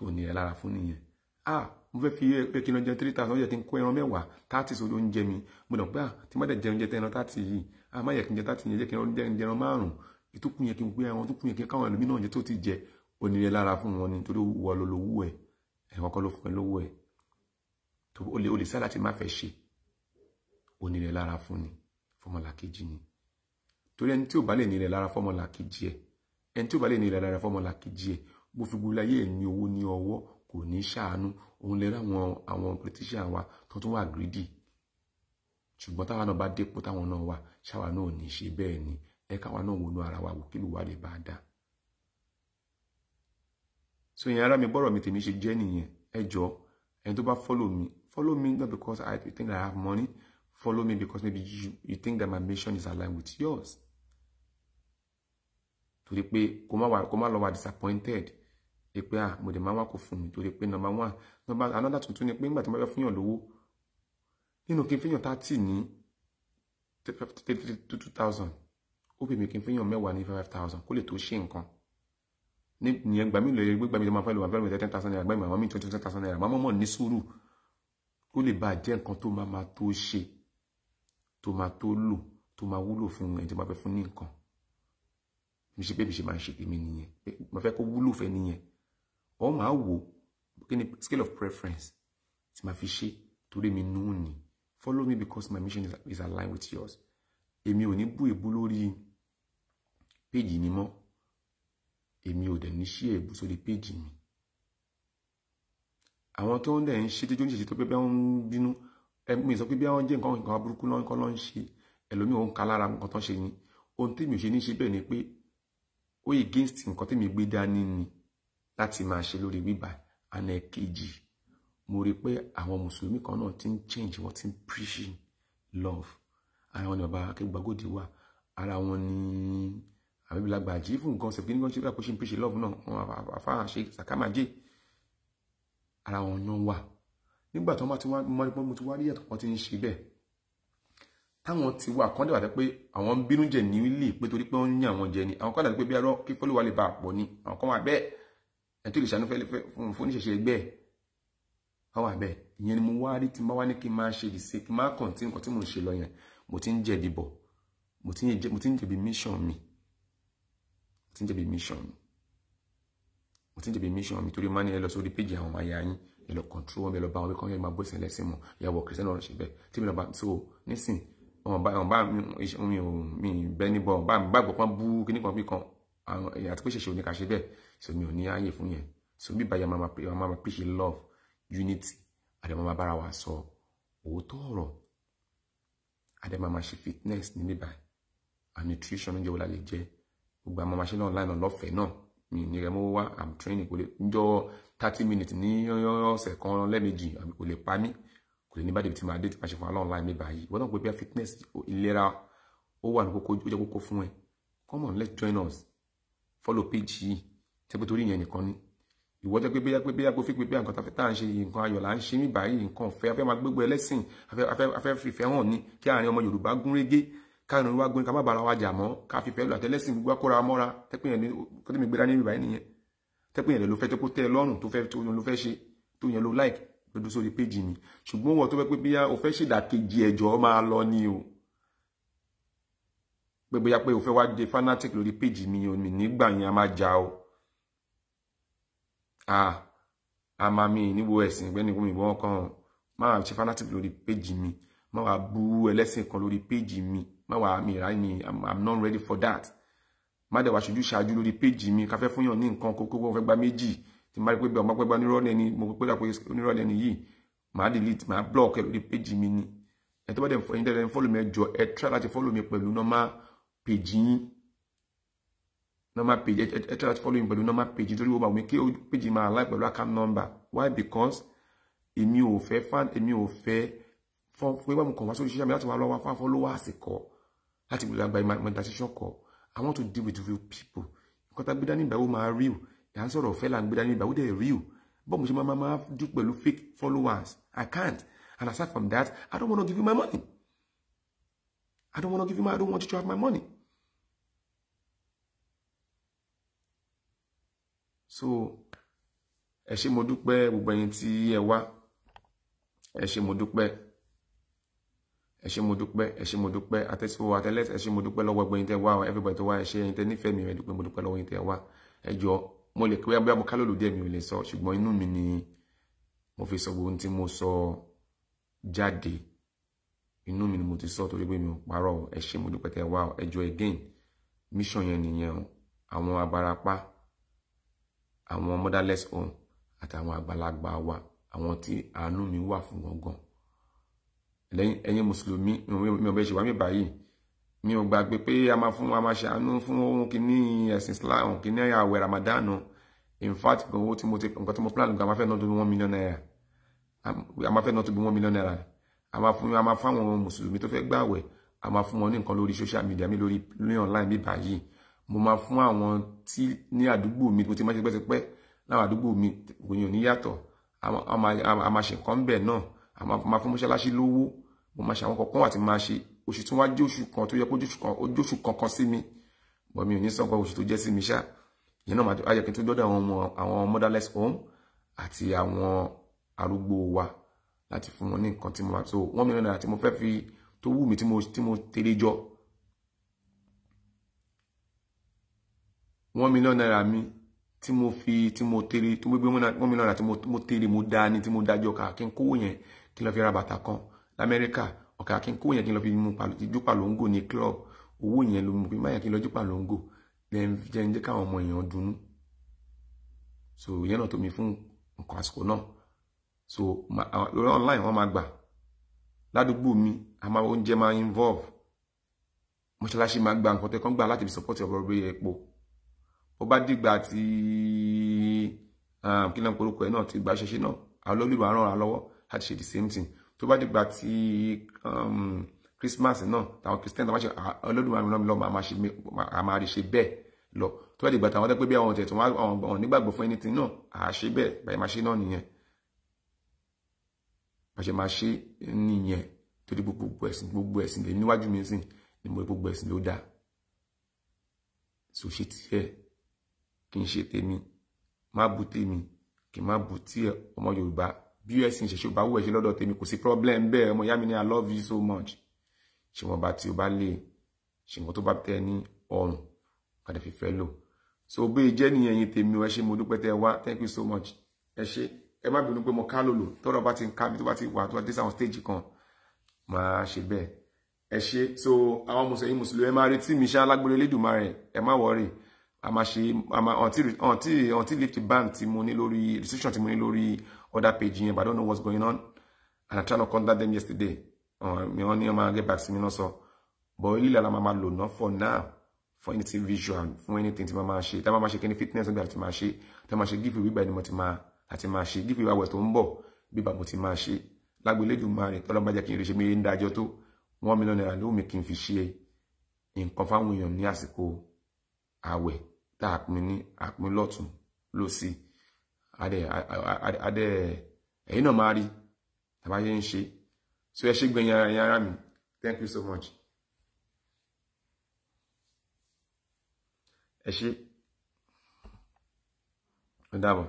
tó ní ẹ lára fún nìyẹn ah mo fẹ́ fi ekele oúnjẹ three thousand oúnjẹ tí ń kó ẹran mẹ́wàá thirty sórí oúnjẹ mi mo dàn pé à tí má dẹ̀ jẹ oúnjẹ tẹ́ran thirty yìí ah má yẹ kí n jẹ thirty yẹn jẹ́ kí n jẹ ẹran márùn-ún ìtúkù yẹn kí n gbé ẹran ìtúkù yẹn kí n káwọn ẹlòmíràn yẹn tó ti jẹ onílé lára fún wọn nítorí wọ ló lówó ẹ ẹ̀wọ̀n kọ́ ló fún ẹ lówó ẹ tó o lè o lè sá láti má fẹ́ ṣe onílé lára fún ni fọmọlàkejì ni torí ẹni tí ò bá lè nílẹ̀ lára fọmọlàkejì ẹ ẹni tí ò bá lè nílẹ̀ lára fọmọlàkejì ẹ bó fi gbogbo ayé ní owó ní ọwọ́ kò ní ṣàánú òun lè ráwọn àwọn politician wa tó tún wà greedy ṣùgbọ́n táwa náà bá dépò táwọn náà wà ṣáwa náà ò ní ṣe bẹ́ẹ̀ ni ẹ káwa náà wọnú ara wa wò kílù wà lè bá dá so ìyẹn ara mi bọ́rọ̀ mi tèmi ṣe jẹ́ nìyẹn ẹ jọ ẹni tó bá follow me follow me not because I think I have money follow me because maybe you, you think that my mission is aligned with yours torí pé kó má lọ wa disappointed pé à ah, mo dẹ̀ máa wá kó fún mi torí pé nọmba one nọmba another tuntun ni pé nígbà tí mo bá fẹ́ fúnyàn lówó nínú kí n fúnyàn thirty ní two thousand ó bèbè kí n fúnyàn mẹ́wàá ní five thousand kó lè tó ṣe nǹkan ní ìyẹn gbàmí lè rí gbàmí lè máa fẹ́ lò wà fẹ́ lò wà ten thousand naira gbàmí àwọn míì twenty thousand naira máa mọ̀ ní sùúrù kó lè bá jẹ́ nǹkan tó máa máa tó ṣe tó máa tó lò tó máa wúlò fún ẹni tó máa fẹ́ fún ní nǹkan mi ṣe pé mi ṣe máa ń ṣe èmi nìyẹn mo fẹ́ kó wúlò fẹ́ nìyẹn ọ máa wò kí ni scale of preference tí màá fi ṣe torí mi nù ní follow me because my mission is, is aligned with yours èmi ò ní bú èbú lórí péjì mi mọ́ èmi ò dẹ̀ ní ṣí èbú sórí péjì mi àwọn tó ń dẹ̀ ń ṣe tójú ń ṣe tó pé bí wọ́n ń bínú ẹ̀mí sọ pé bí wọ́n jẹ́ nǹkan nǹkan burúkú lọ́nkọ́ lọ́n ṣe ẹlòmíì òun ka lára nǹkan tó ń ṣe yín ohun tí mi ò ṣe ní ṣe bẹ́ẹ̀ ni pé ó against nǹkan tí mi gbé dání ni láti máa ṣe lórí bíbá àná kejì mo rí i pé àwọn mùsùlùmí kan náà ti ń change wọ́n ti ń preaching love ara wọn ni bàbá Akéwìgbàgòdì wà ara wọn ni àbíbílágbà àjífù nǹkan ṣe bí wọ́n ṣe lápò ṣe ń preaching love náà wọn àfáà ṣe sàkámàjé ara wọn yan wà nígbà tó mo ti wá rí ẹ̀tọ́ kan ti ń ṣe bẹ́ẹ̀ táwọn ti wà kán dẹ̀wà pé àwọn ń bínú jẹ ní ilé pé torí pé wọ́n ń yàn àwọn jẹ ni àwọn kan dàbí pé bí arọ́ kí fọ́lùwà lè bá àpọ̀ ni àwọn kan wà bẹ́ẹ̀ ẹni tó lè ṣàánú fún fún oníṣẹ̀ṣẹ̀ ẹgbẹ́ ẹ̀ ọwọ́ àbẹ̀ ìyẹn ni mo wá rí tí mo wá ní kí n máa ṣe ìṣe kí n máa kàn tí nǹkan tí mo ń ṣe lọ yẹn mo ti ń jẹ̀bi bọ̀ mo ti ń jẹ̀bi mission mi mo ti ń jẹ̀bi mission mi mo ti ń jẹ̀bi mission mi torí máa ní ẹ lọ sórí péjì àwọn aya yín ẹ lọ control wọn ẹ lọ bá wọn bí kọ́ ẹ máa bó ìsìn lẹ́sìn mọ̀ ìyàwó kìrìsìtẹ́nì ọ̀rọ̀ ṣe bẹ́ẹ̀ tí mi lọ bá so nísìn ọ̀n bá mi ò mi bẹ́ẹ̀ níbọ̀ bá mi gbàgbọ́ kan bú kíní kan bí kan àwọn èèyàn àti pé ṣẹṣẹ òní ká ṣe bẹ́ẹ̀ so mi ò ní ààyè fún yẹn so bí bàyà máa máa preach love unity àdè máa bára wa sọ òótọ́ ọ̀rọ̀ àdè máa máa ṣe fitness ní bíbá and nutrition oúnjẹ wo la lè jẹ gbogbo àwọn máa ṣe náà online lọ́fẹ̀ẹ́ náà mi ní rẹ mo wá am training kò lè njọ thirty minutes ní ọ̀sẹ̀ kan lẹ́ẹ̀mejì àbí kò lè pa mí kò lè ní bàdé tí máa dé tí máa ṣe fún wa online ní báyìí wọ́n náà pé bí i fitness ìlera ó wà ní kókó ó jẹ́ kókó fún ẹ come on let's join us follow page yìí tẹ́gbẹ́ torí ìyẹn nìkan ni ìwọ jẹ́ pé bóyá pé bóyá pé fífi pé nǹkan tá à ń ṣe nǹkan ayọ̀ là ń ṣe mí báyìí nǹkan ọ̀fẹ́ afẹ́ máa gbégbó ẹlẹ́sìn afẹ́ fìfẹ́ hàn ní kí àárín ọmọ Yorùbá gún régé káàrin wá gún ká má bára wa jà mọ́ ká fìfẹ́ lọ àtẹlẹ́sìn gbogbo akóra mọ́ra tẹ́pẹ́ yẹn ní kọ́tí mi gbéra ní ìbáyìí nìyẹn tẹ́pẹ́ yẹn ló fẹ́ tó tẹ́ lọ́rùn tó fẹ́ ló fẹ́ ṣe tó yẹn ló like lójú sórí péjì mi ṣùgbọ́n wọ́n tó fẹ́ pé bóyá o fẹ́ ṣèdàkejì ẹ̀jọ́ máa lọ ni o pé bóyá pé o fẹ́ wá de fanatic lórí péjì mi o mi nígbà yẹn a máa jà o ah a máa mi níwo ẹ̀sìn ìgbẹ́ni kún mi wọ́n kàn máa ṣe fanatic lórí péjì mi máa wá bú ẹlẹ́sìn kan lórí péjì mi máa wá mi ìráyè mi i'm not ready for that má dẹ̀ wá ṣojú ṣáájú lórí péjì mi ká fẹ́ fún yàn ní nǹkan kókó wọn fẹ́ gba méjì tí má rí pé ọmọ pẹ́ gba onírọ́lẹ̀ ni mo pẹ́ dàpọ̀ onírọ́lẹ̀ ni yìí má delete má block lórí péjì mi ni ẹ tó bá dẹ̀ ń fọ́ yín dẹ̀ ń fọ́lù mi try láti fọ́lù mi pẹ̀lú normal page yín normal page ẹ try to follow yín pẹ̀lú normal page nítorí wọ́n bá wọn kí page máa like pẹ̀lú account number why because èmi ò fẹ́ fan èmi ò fẹ́ fún pé wọ́n mú kàn wá sórí social media láti wá lọ́wọ́ fún followers kọ́ láti gbèrò àgbà monetization kọ́ I want to deal with real people nǹkan tá gbé dání ìbáwó máa real ìyá ń sọ̀rọ̀ ọ̀fẹ́ là ń gbé dání ìbáwó dẹ̀ real bọ́ọ̀ mo ṣe máa máa dú pẹ̀lú fake followers I can't and aside from that I don't wanna give you my money I don't wanna give you my I don't want you to have my money. so ẹ ṣé mo dúpẹ́ gbogbo ẹ̀yin tí ẹ wá ẹ ṣé mo dúpẹ́ ẹ ṣé mo dúpẹ́ ẹ ṣé mo dúpẹ́ àtẹsíwò àtẹlẹsẹ ẹ ṣé mo dúpẹ́ lọ́wọ́ ẹgbẹ̀yìn tẹ wá ọ everybody to wá ẹ ṣé ẹ̀yin tẹ nífẹ̀ẹ́ mi ẹ dúpẹ́ mo dúpẹ́ lọ́wọ́ ẹ̀yin tẹ wá ẹ jọ mo lè pé abúlé abúkálò lòdì ẹ̀mí ò lè sọ ṣùgbọ́n inú mi ni mo fi sọ gbogbo ohun tí mo sọ jáde inú mi ni mo ti sọ torí pé mi ò parọ́ ẹ ṣé mo dúpẹ́ tẹ wá ẹ again mission yẹn nìyẹn o àwọn abarapá àwọn motherless home àtàwọn àgbàlagbà wa àwọn tí àánú mi wà fún gangan lẹ́yìn ẹ̀yin mùsùlùmí mi ò bẹ ṣe wá mi báyìí mi ò gbàgbé pé a máa fún wa máa ṣàánú fún ohun kìíní ẹ̀sìn Islam kìíní àwẹ̀ Ramadan in fact owó tí mo ti nǹkan tí mo plan nǹkan a máa fẹ́ náà tó bí one million naira a máa fẹ́ náà tó bí one million naira a máa fún a máa fún àwọn mùsùlùmí tó fẹ́ gbàwẹ̀ a máa fún wọn ní nǹkan lórí social media mi lórí online mi báyìí mo máa fún àwọn tí ní àdúgbò mi tó ti máa ṣe pẹ́sẹpẹ́ láwọn àdúgbò mi òyìn ò ní yàtọ̀ a máa ṣe nǹkan bẹ́ẹ̀ náà a máa fún mọ́ṣáláṣí lówó mo máa ṣe àwọn kọ̀ọ̀kan wà tí máa ṣe oṣù tí wọ́n á jẹ́ oṣù kan tó yẹ kó ojóṣù kankan sí mi bọ̀ mi ò ní sàn kan oṣù tó jẹ́ sí mi ṣá ìyẹn náà á yẹ kí n tó dọ́dọ̀ àwọn motherless home àti àwọn arúgbó wa láti fún wọn ní nǹkan tí mo máa tó wọ́n mìíràn náà mo fẹ́ fi tó wù mí tí mo tẹ́lẹ̀ jọ one million naira mi tí mo fi tí mo tèrè tí mo gbé one million naira tí mo tèrè mo dá ní tí mo dájọ́ ọ̀kà kí n kówó yẹn kí n lọ fi ra bàtà kan lamẹ́ríkà ọ̀kà kí n kówó yẹn kí n lọ fi mú júpà lóńgò ní club owó yẹn ló mú fi kí n lọ júpà lóńgò jẹ́ ń jẹ́ káwọn ọmọ èèyàn dunnú so ìyẹn náà tó mi fún nǹkan àsìkò náà so online wọ́n máa gbà ládùúgbò mi a máa oúnjẹ máa involve mọ́ṣáláṣí máa gba nǹkan tẹ́kọ́ gbà láti fi support ọ̀rọ̀ orí epo ó bá dìgbà tí kí náà porúkọ ẹ náà ti gbà ṣẹṣẹ náà alólùwà ràn án lọ́wọ́ àti ṣe the same thing tó bá dìgbà tí um, Christmas náà táwọn Christian táwọn ṣe olódùmarè ràn mí lọ́wọ́ a máa rí ṣe bẹ́ẹ̀ lọ tó bá dìgbà táwọn dẹ́pẹ́ bí àwọn ọ̀tẹ̀ tó wọn nígbàgbọ́ fún ẹni tí náà à ṣe bẹ́ẹ̀ báyìí máa ṣe náà nìyẹn bá ṣe máa ṣe nìyẹn torí gbogbo ẹ̀sìn gbogbo ẹ̀sìn lè níwájú mi sìn ni mo gbogbo ẹ̀sìn ló dáa so shit tiẹ̀ kì í ṣe tèmi má bu tèmi kì má bu tí ọmọ yorùbá bí ẹ sì ń ṣẹṣẹ òbáwò ẹ ṣe lọ́dọ̀ tèmi kò sí problem bẹ́ẹ̀ ọmọ ìyá mi ní i love you so much ṣe wọn bá tí o bá lè ṣe nǹkan tó bá tẹ ní ọrùn padà fífẹ lò so bí ìjẹ nìyẹn yín tèmi ẹ ṣe mo dúpẹ́ tẹ wá thank you so much ẹ ṣe ẹ má bínú pé mo ká lòlò tọrọ bá ti ń ká mi tó bá ti wà tó bá dé sáwọn stage kan máa ṣe bẹ́ẹ̀ ẹ ṣe so àwọn mùsùlùmí mùsùlùmí ẹ máa retí mi ṣá lágbóró elédùnmarè ẹ má wọrí a máa ṣe a máa until until until lift ban tí mo ní lórí restriction tí mo ní lórí other page yẹn but I don't know what's going on and I try to contact them yesterday mi wọ́n ní wọ́n máa get back sí mi náà so. but lílà la máa lò ná for now for anything visual For anything tí máa máa ṣe tá máa máa ṣe kíni fitness níbi àti máa ṣe tá máa ṣe give you by the mo ti máa àti máa give you àwẹ̀ tó ń bọ̀ bíbà mo ti máa ṣe lágbélẹ́jù máa rìn tọ́lọ́ bá jẹ́ kí n lè ṣe mi ń dájọ́ tó wọ́n mílíọ̀nù náírà lóhùn mi kí n fi ṣe nǹkan fáwọn èèyàn ní àsìkò àwẹ̀ tá a pín ní àpín lọ́tún lósì adẹ adẹ ẹ̀yin náà máa rí tàbá yẹn ń ṣe so ẹ ṣe gbẹ̀yìn ara mi thank you so much. ẹ ṣe ó